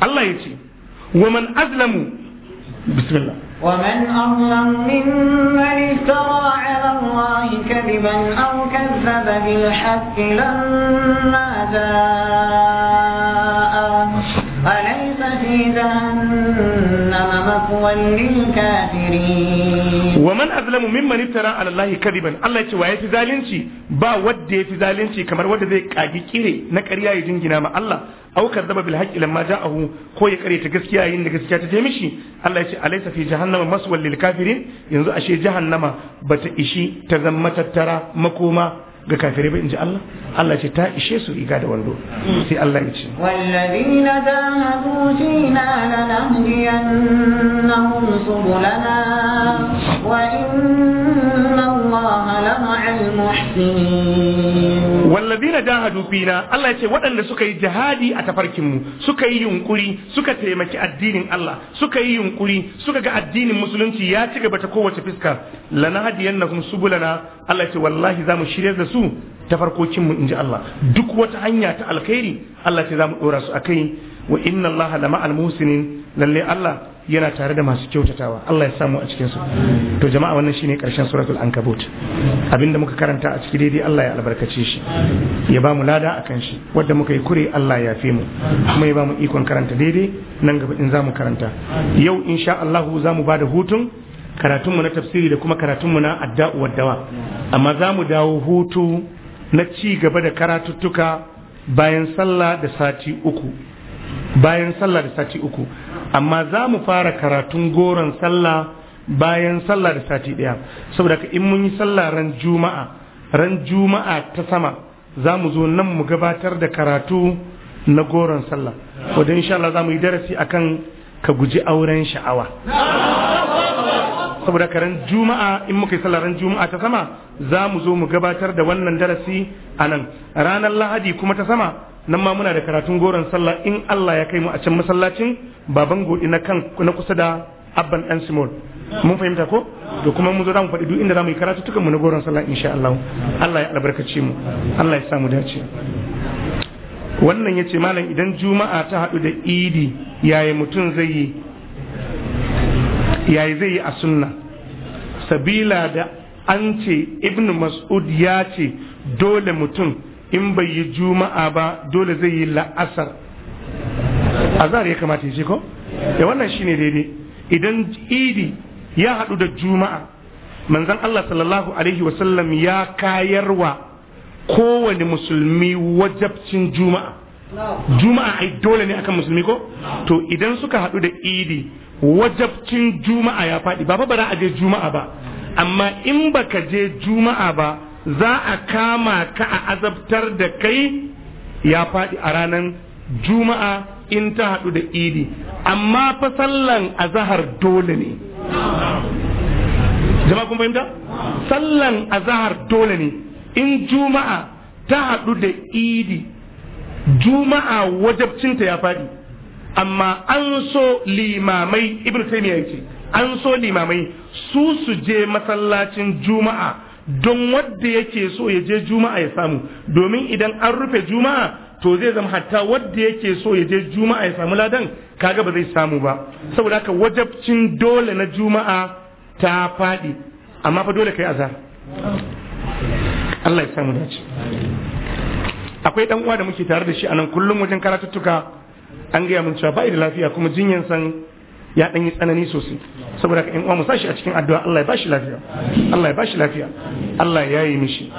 Allah ya ce wa man azlamu bismillah ومن أظلم ممن افترى على الله كذبا أو كذب بالحق لما جاء في جهنم مثوى للكافرين ومن أظلم ممن افترى على الله كذبا الله يتوى يفي ذالنشي با ود يفي ذالنشي كما ود ذي كاجي كيري نكريا يجنجنا مع الله أو كذب بالحق لما جاءه ko ya kare ta gaskiya yayin da gaskiya ta je mishi Allah ya ce alaysa fi jahannama maswal lil kafirin yanzu ashe jahannama bata ishi ta zama tattara makoma ga kafire ba in ji Allah Allah ce ta ishe su iga da wando sai Allah ya ce wallazina jahadu fina lanahdiyannahum subulana wa in na لمع المحسنين والذين جاهدوا فينا الله يتي ودن سكاي جهادي suka yi سكاي suka taimaki addinin Allah, suka yi ينكوري suka ga addinin musulunci ya ci gaba ta kowace fiska lana hadiyannakum subulana Allah ce wallahi zamu shirye da su ta farkokin mu inji Allah duk wata hanya ta alkhairi Allah ce zamu ɗora su a kai. wa inna allaha la ma'al musinin lalle allah yana tare da masu kyautatawa allah ya samu a cikin su to jama'a wannan shine karshen suratul ankabut abinda muka karanta a ciki daidai allah ya albarkace shi ya ba mu lada akan shi wanda muka yi kure allah ya fi mu kuma ya ba mu ikon karanta daidai nan gaba in zamu karanta yau insha allah zamu bada hutun karatunmu na tafsiri da kuma karatunmu na adda'u dawa amma za mu dawo hutu na ci gaba da karatuttuka bayan sallah da sati uku bayan sallah da sati uku amma za mu fara karatun goron sallah bayan sallah da sati ɗaya saboda ka in mun yi sallah ran juma'a ran juma'a ta sama za mu zo nan mu gabatar da karatu na goron sallah wadda insha Allah za mu yi darasi akan ka guji auren sha'awa saboda ka ran juma'a in muka yi sallah ran juma'a ta sama za mu zo mu gabatar da wannan darasi a nan ranar lahadi kuma ta sama nan ma muna da karatun goron sallah in Allah ya kai mu a can masallacin baban godi na kan na kusa da abban dan simol mun fahimta ko to kuma mun zo za mu faɗi duk inda za mu yi karatu tukan mu na goron sallah insha Allah Allah ya albarkace mu Allah ya sa mu dace wannan yace malam idan juma'a ta haɗu da idi yaya mutum zai yi yayi zai yi a sunna sabila da an ce ibnu mas'ud ya ce dole mutum in bai yi juma'a ba dole zai yi la'asar azhar ya kamata ya ce ko da eh, wannan shine daidai idan idi ya haɗu da juma'a manzan Allah sallallahu alaihi wasallam ya kayarwa kowane musulmi wajabcin juma'a juma'a ai dole ne akan musulmi ko to idan suka haɗu da idi wajabcin juma'a ya faɗi ba ba a je juma'a ba amma in baka je juma'a ba za a kama ka a azabtar da kai ya faɗi a ranar juma'a in ta haɗu da idi amma fa sallan azahar dole ne jama'a kun fahimta sallan azahar dole ne in juma'a ta haɗu da idi juma'a wajabcinta ya faɗi amma an so limamai ibn taymiya yace an so limamai su su je masallacin juma'a don wadda yake so ya je juma'a ya samu domin idan an rufe juma'a to zai zama hatta wadda yake so ya je juma'a ya samu ladan kaga ba zai samu ba saboda haka wajabcin dole na juma'a ta faɗi amma fa dole kai azar Allah ya samu dace akwai dan uwa da muke tare da shi anan kullum wajen karatuttuka an gaya mun cewa da lafiya kuma jinyan san ya dan yi tsanani sosai saboda in uwa musashi a cikin addu'a Allah ya bashi lafiya Allah ya bashi lafiya Allah ya yi mishi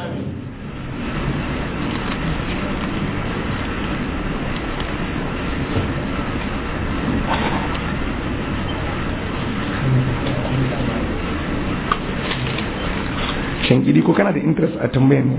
shan gidi ko kana da interest a tambayar ne